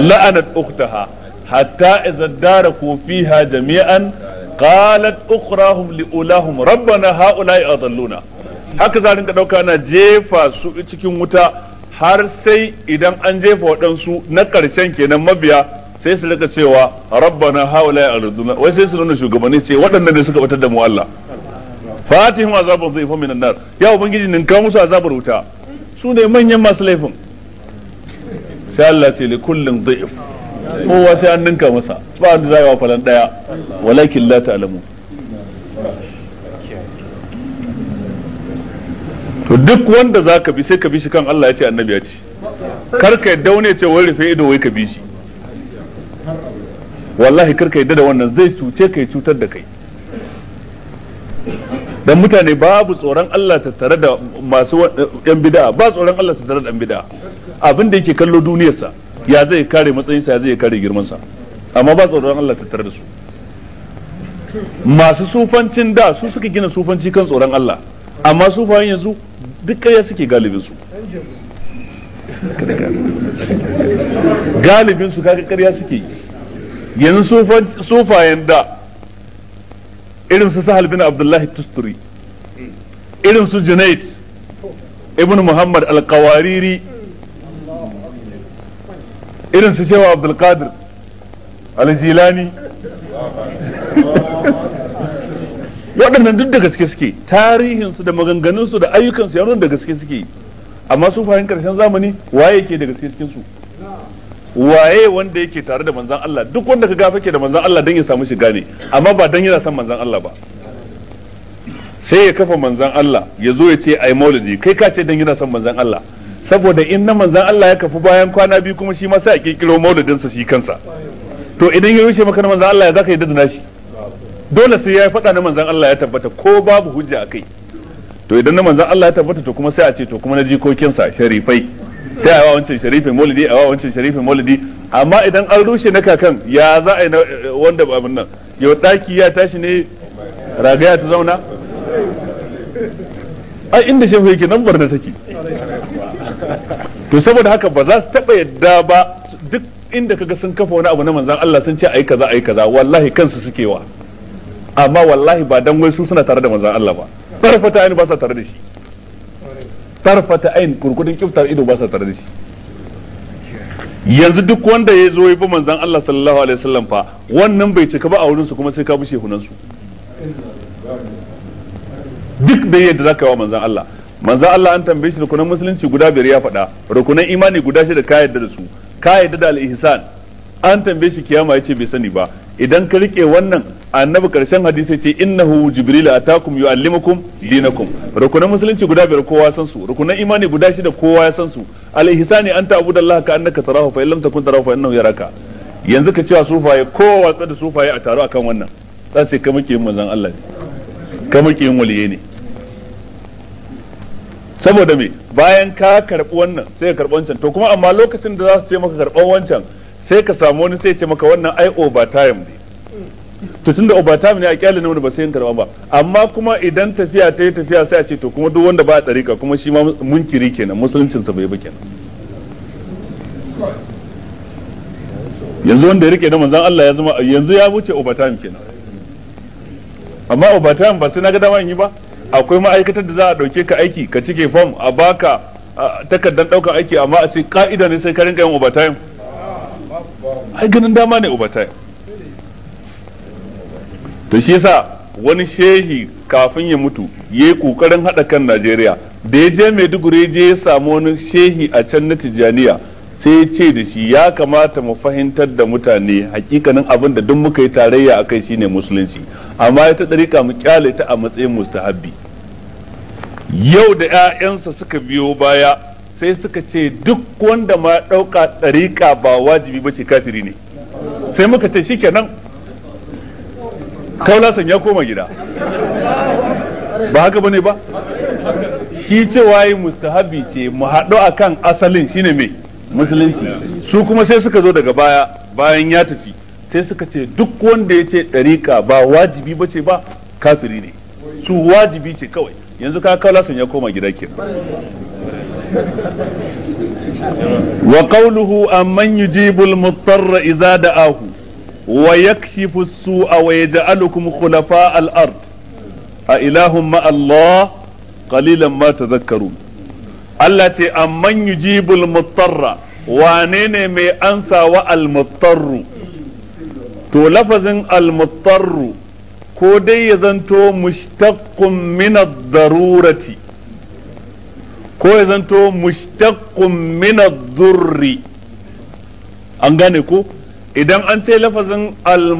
la'anat ukhtaha hatta idza daraku fiha jami'an qalat ukhrahum li ulahum rabbana ha'ula'i adalluna haka za rinka dauka na jefa su cikin wuta har sai idan an jefa waɗansu na ƙarshen kenan mabiya sai su rika cewa rabbana haula ya arduna wai sai su nuna shugabanni ce waɗanda ne suka batar da mu Allah fatihim azabun dhaifa minan nar ya ubangiji nin kawo musu azabar wuta su ne manyan masu laifin sai Allah ce li kullin dhaif kowa sai an ninka masa ba wanda zai wa falan daya walakin la ta'lamu to duk wanda za ka bi sai ka bi shi kan Allah ya ce annabi ya ce kar ka yadda wani ya ce wai rufe ido wai ka bi shi wallahi kar ka yadda da wannan zai cuce ka ya cutar da kai dan mutane babu tsoron Allah tattare da masu yan bid'a ba tsoron Allah tattare da yan bid'a abin da yake kallo duniyarsa ya zai kare matsayinsa ya zai kare girmansa amma ba tsoron Allah tattare da su masu sufancin da su suka gina sufanci kan tsoron Allah amma sufayen yanzu duk ƙarya suke galibin su galibin su kaga ƙarya suke yanzu sufayen da irin su sahal bin abdullahi tusturi irin su junaid ibn muhammad alkawariri irin su shewa abdulkadir aljilani waɗannan duk da gaske suke tarihinsu da maganganunsu da ayyukansu ya nuna da gaske suke amma su fahimtar karshen zamani waye ke da gaske cikin su waye wanda yake tare da manzan Allah duk wanda ka gafa ke da manzan Allah dan ya samu shiga ne amma ba dan yana son manzan Allah ba sai ya kafa manzan Allah ya zo ya ce ai maulidi kai ka ce dan yana son manzan Allah saboda in na manzan Allah ya kafu bayan kwana biyu kuma shi ma sai a kirkiro maulidinsa shi kansa to idan ya rushe maka na manzan Allah ya zaka yi da shi dole sai ya yi faɗa na manzan Allah ya tabbata ko babu hujja a kai. to idan na manzan Allah ya tabbata to kuma sai a ce to kuma na jikokinsa sa sharifai sai a yawa wancan sharifin maulidi a yawa wancan sharifin maulidi amma idan an rushe na kakan ya za a yi eh, wanda ba abin nan yau ɗaki ya tashi ne ragaya ta zauna ai inda shehu yake nan barna take to saboda haka ba za su taɓa yadda ba duk inda kaga sun kafa wani abu na manzan Allah sun ce ai kaza ai kaza wallahi kansu suke wa amma wallahi ba dan wai su suna tare da manzon Allah ba tarfata ayin ba sa tare da shi tarfata ayin kurkudin kiftar ido ba sa tare da shi yanzu duk wanda ya zo ya bi manzon Allah sallallahu alaihi wasallam fa wannan bai cika ba a wurin su kuma sai ka bi hunan su duk da yadda zaka yi wa manzon Allah manzon Allah an tambaye shi rukunan musulunci guda biyar ya faɗa rukunan imani guda shida ka yadda da su ka yadda da al-ihsan an tambaye shi kiyama yace bai sani ba idan ka rike wannan annabi karshen hadisi ce innahu jibril atakum yuallimukum dinakum rukunan musulunci guda biyar kowa san su rukunan imani guda shida kowa ya san su al an ta abudallahi ka annaka tarahu fa illam takun tarahu fa innahu yaraka yanzu ka cewa sufaye kowa tsada sufaye a taro akan wannan za su muke makiyin manzon Allah ne muke yin waliye ne saboda me bayan ka karbi wannan sai ka karbi wancan to kuma amma lokacin da za su ce maka karban wancan sai ka samu wani sai ce maka wannan ai overtime ne to tunda overtime ne a kyale ne ba sai yin karba ba amma kuma idan tafiya ta yi tafiya sai a ce to kuma duk wanda ba a dariƙa kuma shi ma munkiri kenan musuluncinsa bai ba kenan yanzu wanda ya rike da manzon Allah ya zama yanzu ya wuce overtime kenan amma overtime ba sai na ga dama yi ba akwai ma'aikatar da za a dauke ka aiki ka cike form a baka takardar daukar aiki amma a ce ka'ida ne sai ka rinka yin overtime ai ganin dama ne ubata to shi yasa wani shehi kafin ya mutu yayi kokarin hada kan Najeriya da ya je Maiduguri je ya samu wani shehi a can na Tijjaniya sai ya ce da shi ya kamata mu fahimtar da mutane hakikanin abin da duk muka yi tarayya akai shine musulunci amma ita ɗarika mu kyale ta a matsayin mustahabbi yau da 'ya'yansa suka biyo baya sai suka ce duk wanda ma ɗauka ɗariƙa ba wajibi ba ce kafiri ne sai muka ce shikenan kaulasan ya koma gida ba haka ba ne ba shi cewa yi mustahabi ce mu haɗu a kan asalin shine mai musulunci su kuma sai suka zo daga baya bayan ya tafi sai suka ce duk wanda ya ce ɗariƙa ba wajibi ba ce ba kafiri ne su wajibi ce kawai yanzu ka kaulasan ya koma gida kenan wa qawluhu amman yujibu al-muttarra idza da'ahu wa yakshifu as-su'a wa yaj'alukum khulafa al a ilahum ma Allah qalilan ma tadhakkarun Allah ce amman yujibu al-muttarra wane ne mai ansawa al-muttarru to lafazin al-muttarru ko dai ya zanto mushtaqqun min ad-darurati ko ya zanto mushtaqqun min adh an gane ko idan an ce lafazin al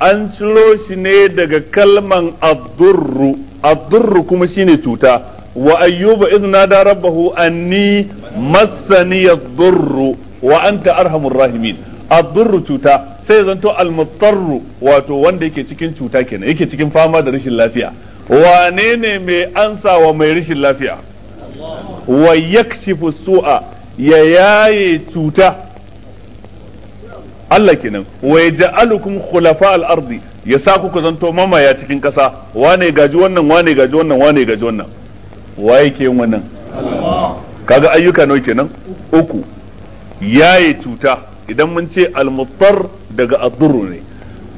an ciro shi ne daga kalman adh-dhurr adh-dhurr kuma shine cuta wa ayyuba izna da rabbahu anni massani adh durru wa anta arhamur rahimin adh-dhurr cuta sai ya zanto al wato wanda yake cikin cuta kenan yake cikin fama da rashin lafiya wane ne mai ansa wa mai rashin lafiya wa yakshifu su'a ya yaye cuta Allah kenan wa yaj'alukum khulafa al-ardi ya sa ku zanto mamaya cikin kasa wane gaji wannan wane gaji wannan wane gaji wannan waye ke wannan kaga ayyuka nawa kenan uku yaye cuta idan mun ce al-muttar daga ad ne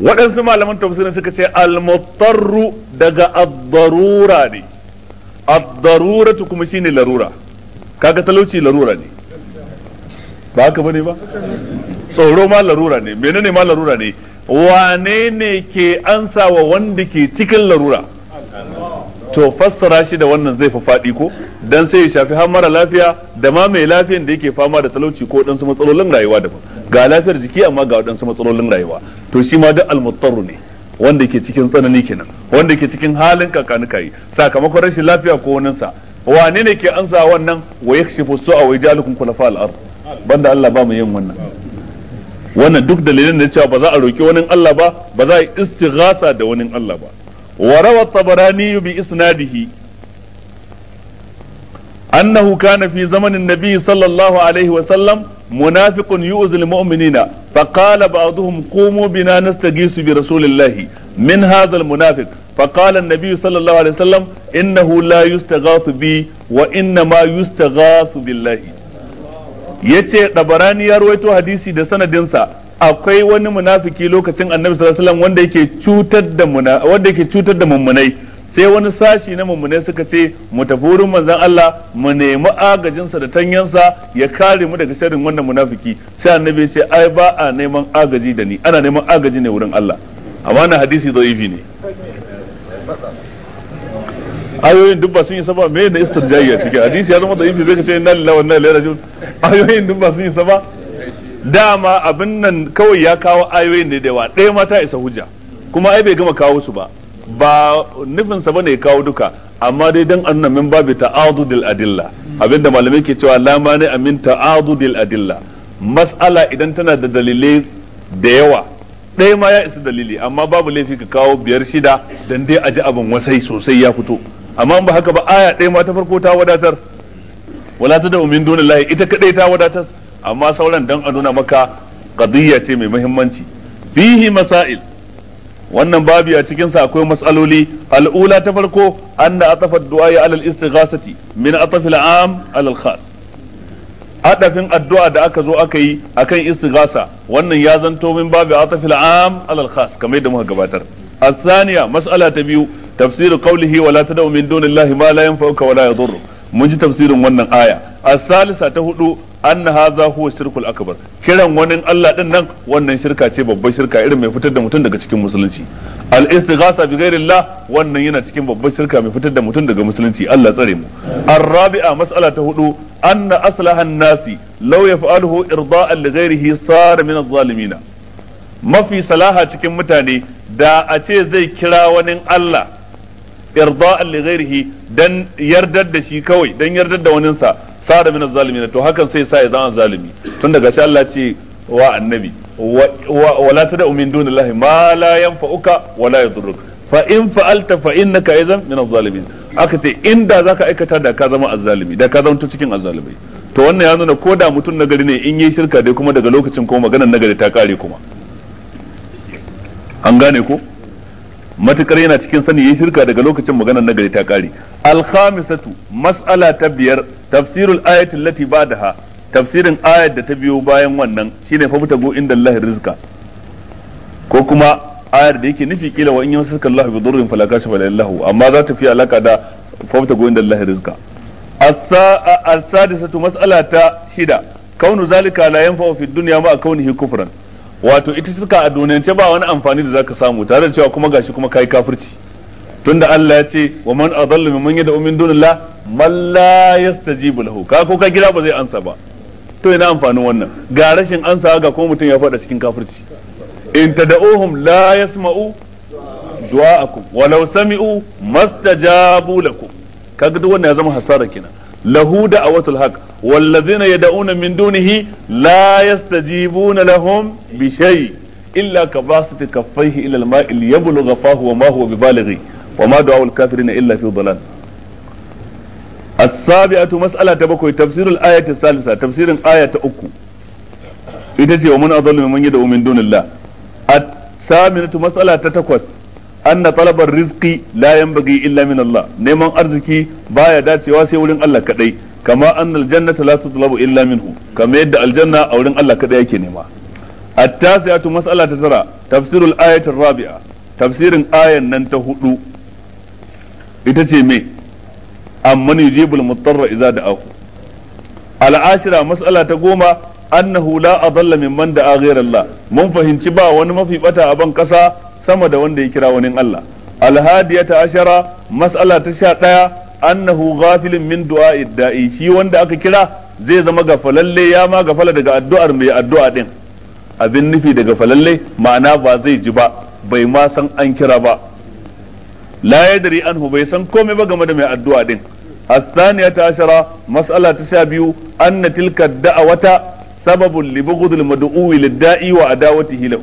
waɗansu malaman tafsirin suka ce al-muttarru daga ad-darura ne ad-daruratu kuma shine larura kaga talauci larura ne ba haka bane ba tsoro ma larura ne menene ma larura ne wane ne ke ansa wa wanda ke cikin larura to fassara shi da wannan zai fi faɗi ko dan sai ya shafi har mara lafiya da ma mai lafiyan da yake fama da talauci ko su matsalolin rayuwa daban ga lafiyar jiki amma ga waɗansu matsalolin rayuwa to shi ma duk almuttaru ne wanda ke cikin tsanani kenan wanda ke cikin halin kakanikai sakamakon rashin lafiya ko wani sa wane ne ke ansa wannan wa yakshifu su'a wa yajalukum khulafa al-ard banda Allah ba mu yin wannan wannan duk dalilin da cewa ba za a roki wani Allah ba ba za a istighasa da wani Allah ba وروى الطبراني بإسناده أنه كان في زمن النبي صلى الله عليه وسلم منافق يؤذي المؤمنين فقال بعضهم قوموا بنا نستغيث برسول الله من هذا المنافق فقال النبي صلى الله عليه وسلم إنه لا يستغاث بي وإنما يستغاث بالله yace dabarani ya rawaito hadisi da sanadinsa akwai wani munafiki lokacin annabi sallallahu alaihi wasallam wanda yake cutar da muna wanda yake cutar da mummunai sai wani sashi na mummunai suka ce mu tafi wurin manzon Allah mu nemi agajinsa da tanyansa ya kare mu daga sharrin wannan munafiki sai annabi ce ai ba a neman agaji da ni ana neman agaji ne wurin Allah amma na hadisi da'ifi ne ayoyin duk ba sun yi saba me ne istirjaiya cikin hadisi ya zama da'ifi zai ka ce inna lillahi wa inna ilaihi raji'un ayoyin duk ba sun yi saba dama abin nan kawai ya kawo ayoyin ne da yawa ɗaya mata isa hujja kuma ai bai gama kawo su ba ba nufinsa bane ya kawo duka amma dai dan annan min babu ta'adudil adilla abinda malamai ke cewa la ne amin ta'adudil adilla mas'ala idan tana da dalilai da yawa ɗaya ma ya isa dalili amma babu laifi ka kawo biyar shida dan dai aji abin wasai sosai ya fito amma ba haka ba aya ɗaya ma ta farko ta wadatar wala ta da umin dunillahi ita kadai ta wadatar amma sauran dan a nuna maka qadiyya ce mai muhimmanci fihi masail wannan babi a cikin sa akwai masaloli al'ula ta farko anna atafa du'a ya alal istighasati min atafi al'am alal khas adafin addu'a da aka zo aka yi akan istighasa wannan ya zanto min babi atafi al'am alal khas kamar yadda muka gabatar الثانية مسألة تبيو تفسير قوله ولا تدعو من دون الله ما لا ينفعك ولا يضرك mun ji tafsirin wannan aya A salisa ta hudu anna hadha huwa shirkul akbar kiran wani Allah din nan wannan shirka ce babbar shirka irin mai fitar da mutum daga cikin musulunci al-istighasa bi ghairillah wannan yana cikin babbar shirka mai fitar da mutum daga musulunci Allah tsare mu ar-rabi'a mas'ala ta hudu anna aslaha an-nasi law yaf'aluhu irda'an li ghairihi na min az-zalimin mafi salaha cikin mutane da a ce zai kira wani Allah irda'an li ghairihi dan yardar da shi kawai dan yardar da waninsa sada min zalimin to hakan sai sa ya zama zalimi tun daga shi Allah ce wa annabi wa la tad'u min dunillahi ma la yanfa'uka wa la yadurruk fa in fa'alta fa innaka idan min zalimin aka ce inda zaka aikata da ka zama zalimi da ka zama cikin zalimi. to wannan ya nuna ko da mutum nagari ne in yi shirka dai kuma daga lokacin kuma maganar nagari ta kare kuma an gane ko matukar yana cikin sani yayi shirka daga lokacin maganar nagari ta kare al-khamisatu mas'ala ta biyar tafsirul ayati allati ba'daha tafsirin ayat da ta biyo bayan wannan shine fa futago inda Allah rizqa ko kuma ayar da yake nufi kila wa in yamsaka Allah bi dhurrin fala kashifa lahu amma za ta fi alaka da fa futago inda Allah rizqa as-sadisatu mas'ala ta shida kaunu zalika la yanfa'u fi dunya ma kaunihi kufran wato ita suka a duniyance ba wani amfani da zaka samu tare da cewa kuma gashi kuma kai kafirci tunda Allah ya ce wa man adallu mimman yad'u min dunillah man la yastajibu lahu ka ko ka gida ba zai ansa ba to ina amfanin wannan ga rashin ansa ga kuma mutum ya fada cikin kafirci in tad'uhum la yasma'u du'a'akum walau sami'u mastajabu lakum kaga duk wannan ya zama hasara kenan lahu da'watul haqq والذين يدعون من دونه لا يستجيبون لهم بشيء إلا كباسط كفيه إلى الماء ليبلغ فاه وما هو ببالغه وما دعاء الكافرين إلا في ضلال السابعة مسألة تبكوي تفسير الآية الثالثة تفسير آية أكو إذا ومن أضل من يدعو من دون الله الثامنة مسألة تتكوس anna talabar rizqi layan yanbaghi illa min Allah neman arziki baya dacewa sai wurin Allah kadai kama anna aljannata la tutlabu illa minhu kama yadda aljanna a wurin Allah kadai ake nema at-tasi'atu mas'alata tara tafsirul ayatir rabi'a tafsirin ayan nan ta hudu ita ce me amman yujibul mutarra idza da'ahu al-ashira mas'ala ta goma annahu la adalla mimman da'a ghayra Allah mun fahimci ba wani mafi bata a ban ƙasa. sama da wanda ya kira wani Allah alhadiyata ashara mas'ala ta sha ɗaya annahu ghafilin min du'a'i da'i shi wanda aka kira zai zama gafalalle ya ma gafala daga addu'ar mai addu'a din abin nufi daga falalle ma'ana ba zai ji ba bai ma san an kira ba la yadri anhu bai san komai ba game da mai addu'a din الثانية عشرة مسألة تشابه أن تلك الدعوة سبب لبغض المدعو للداعي وعداوته له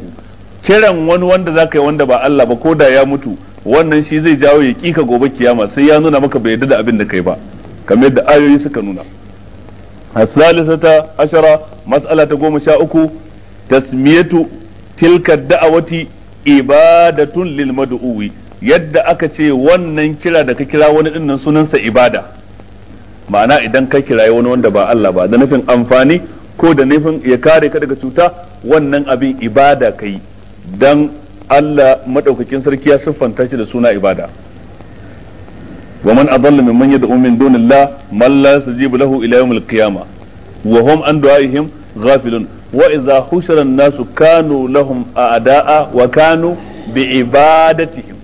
kiran wani wanda za ka yi wanda ba Allah ba ko da ya mutu wannan shi zai jawo ya kika gobe kiyama sai ya nuna maka bai da abin da kai ba kamar yadda ayoyi suka nuna ta goma sha uku tasmiyatu tilka da'awati ibadatun lil mad'uwi yadda aka ce wannan kira da ka kira wani din nan sunansa ibada ma'ana idan ka kira wani wanda ba Allah ba da nufin amfani ko da nufin ya kare ka daga cuta wannan abin ibada ka yi dan Allah madaukakin sarki ya siffanta shi da suna ibada wa man adalla mimman yad'u min dunillah man la yastajibu lahu ila yawmil qiyamah wa hum an du'aihim ghafilun wa idza hushira an-nasu kanu lahum a'da'a wa kanu bi ibadatihim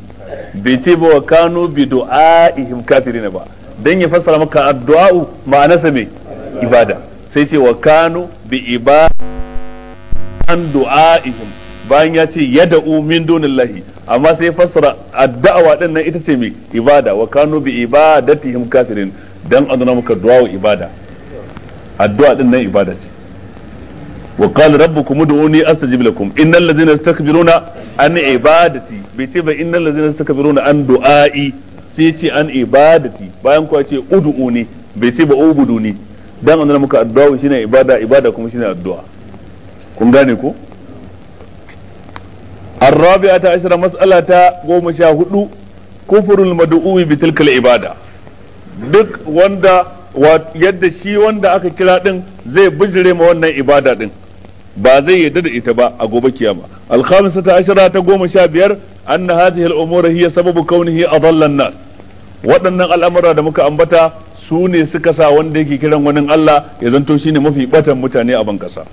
bai ce ba wa kanu bi du'aihim kafirina ba dan ya fassara maka addu'a ma'anarsa me ibada sai ce wa kanu bi ibada an du'aihim bayan ya ce yad'u min lahi, amma sai fassara addu'a din nan ita ce mai ibada wa kanu bi ibadatihim kafirin dan aduna muka du'a ibada addu'a din nan ibada ce wa qala rabbukum ud'uni astajib lakum innal ladzina yastakbiruna an ibadati bai ce ba innal ladzina yastakbiruna an du'ai sai ce an ibadati bayan kuwa ce ud'uni bai ce ba ubuduni dan aduna muka addu'a shine ibada ibada kuma shine addu'a kun gane ko الرابعة عشر مسألة قوم شاهدوا كفر المدعو بتلك العبادة duk wanda yadda shi wanda aka kira din zai bijire ma wannan ibada din ba zai yarda da ita ba a gobe kiyama alkhamisata ashara ta goma sha biyar an hadhihi al-umura hiya sababu kaunihi adalla nas waɗannan al'amura da muka ambata su ne suka sa wanda yake kiran wani Allah ya zanto shi ne mafi batan mutane a ban kasa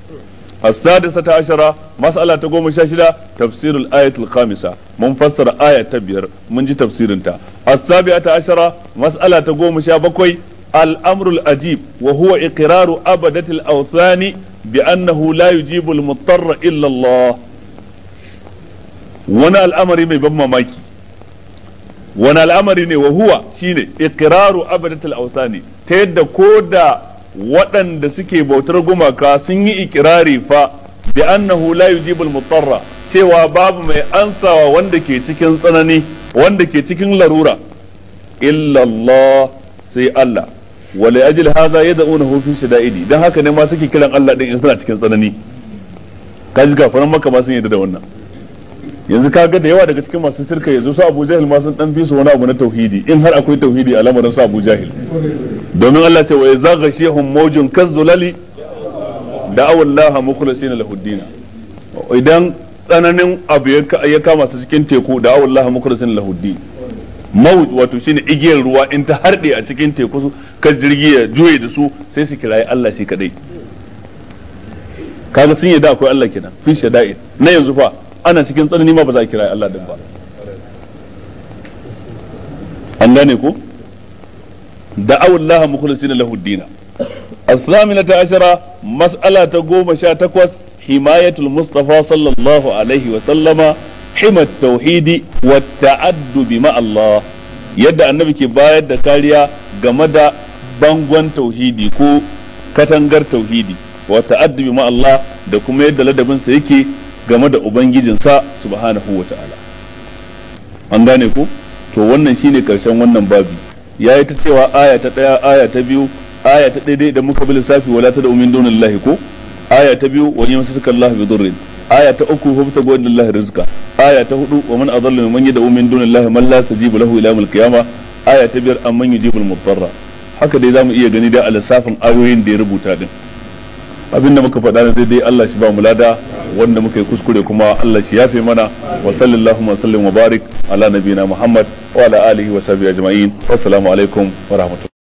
السادسة عشرة مسألة تقوم شاشدة تفسير الآية الخامسة من فسر آية تبير من جي تفسير انت السابعة عشرة مسألة تقوم شابكوي الأمر الأجيب وهو إقرار أبدة الأوثان بأنه لا يجيب المضطر إلا الله وانا الأمر مي بما مايكي وانا الأمر ني وهو شيني إقرار أبدة الأوثان تيد كودا waɗanda suke bautar gumaka sun yi ikirari fa bi annahu la yujibul mutarra cewa babu mai ansawa wanda ke cikin tsanani wanda ke cikin larura illa Allah sai Allah wa li ajli hadha yad'unahu fi shada'idi dan haka ne ma suke kiran Allah din in suna cikin tsanani kaji gafaran maka ba sun yadda da wannan yanzu kaga da yawa daga cikin masu sirka yanzu su Abu Jahil ma sun dan fi su wani abu na tauhidi in har akwai tauhidi a lamarin su Abu Jahil domin Allah ce wa yaza kan zulali da awon laha mukulasi na lahudina idan tsananin abu ya kama su cikin teku awon laha mukulasi na din mawj wato ne igiyar ruwa in ta harde a cikin teku su kan jirgi ya juye da su sai su kirayi Allah shi kadai kaga sun yi da akwai Allah kenan fi shada'id na yanzu fa ana cikin tsanani ma ba za a kira Allah din ba an gane ko da'awu Allah mukhlisina lahu dina الثامنة عشرة مسألة تقوم شاتكوس حماية sallallahu alaihi wa sallama, Himat Tauhidi, التوحيد والتعدد مع yadda annabi ke bayar da kariya game da bangon tauhidi ko katangar tauhidi wa ta'addubi ma Allah da kuma yadda ladabinsa yake game da ubangijinsa subhanahu wa ta'ala an gane ku to wannan shi ne ƙarshen wannan babi ya yi ta cewa aya ta ɗaya aya ta biyu aya ta daidai da muka bi lissafi wala ta da umin dunillahi ko aya ta biyu wani wa yamsaka Allah bi dhurrin aya ta uku fa ta goyin lillahi rizqa aya ta hudu wa man adallu mimman yad'u min dunillahi man la tajibu lahu ila yawmil qiyamah aya ta biyar an amman yujibul mutarra haka dai za mu iya gani da a lissafin ayoyin da ya rubuta din abin da muka faɗa na daidai Allah shi ba mu lada wanda muka yi kuskure kuma Allah shi yafe mana wa sallallahu wa sallim wa barik ala nabiyina Muhammad wa ala alihi wa sahbihi ajma'in assalamu alaikum wa rahmatullahi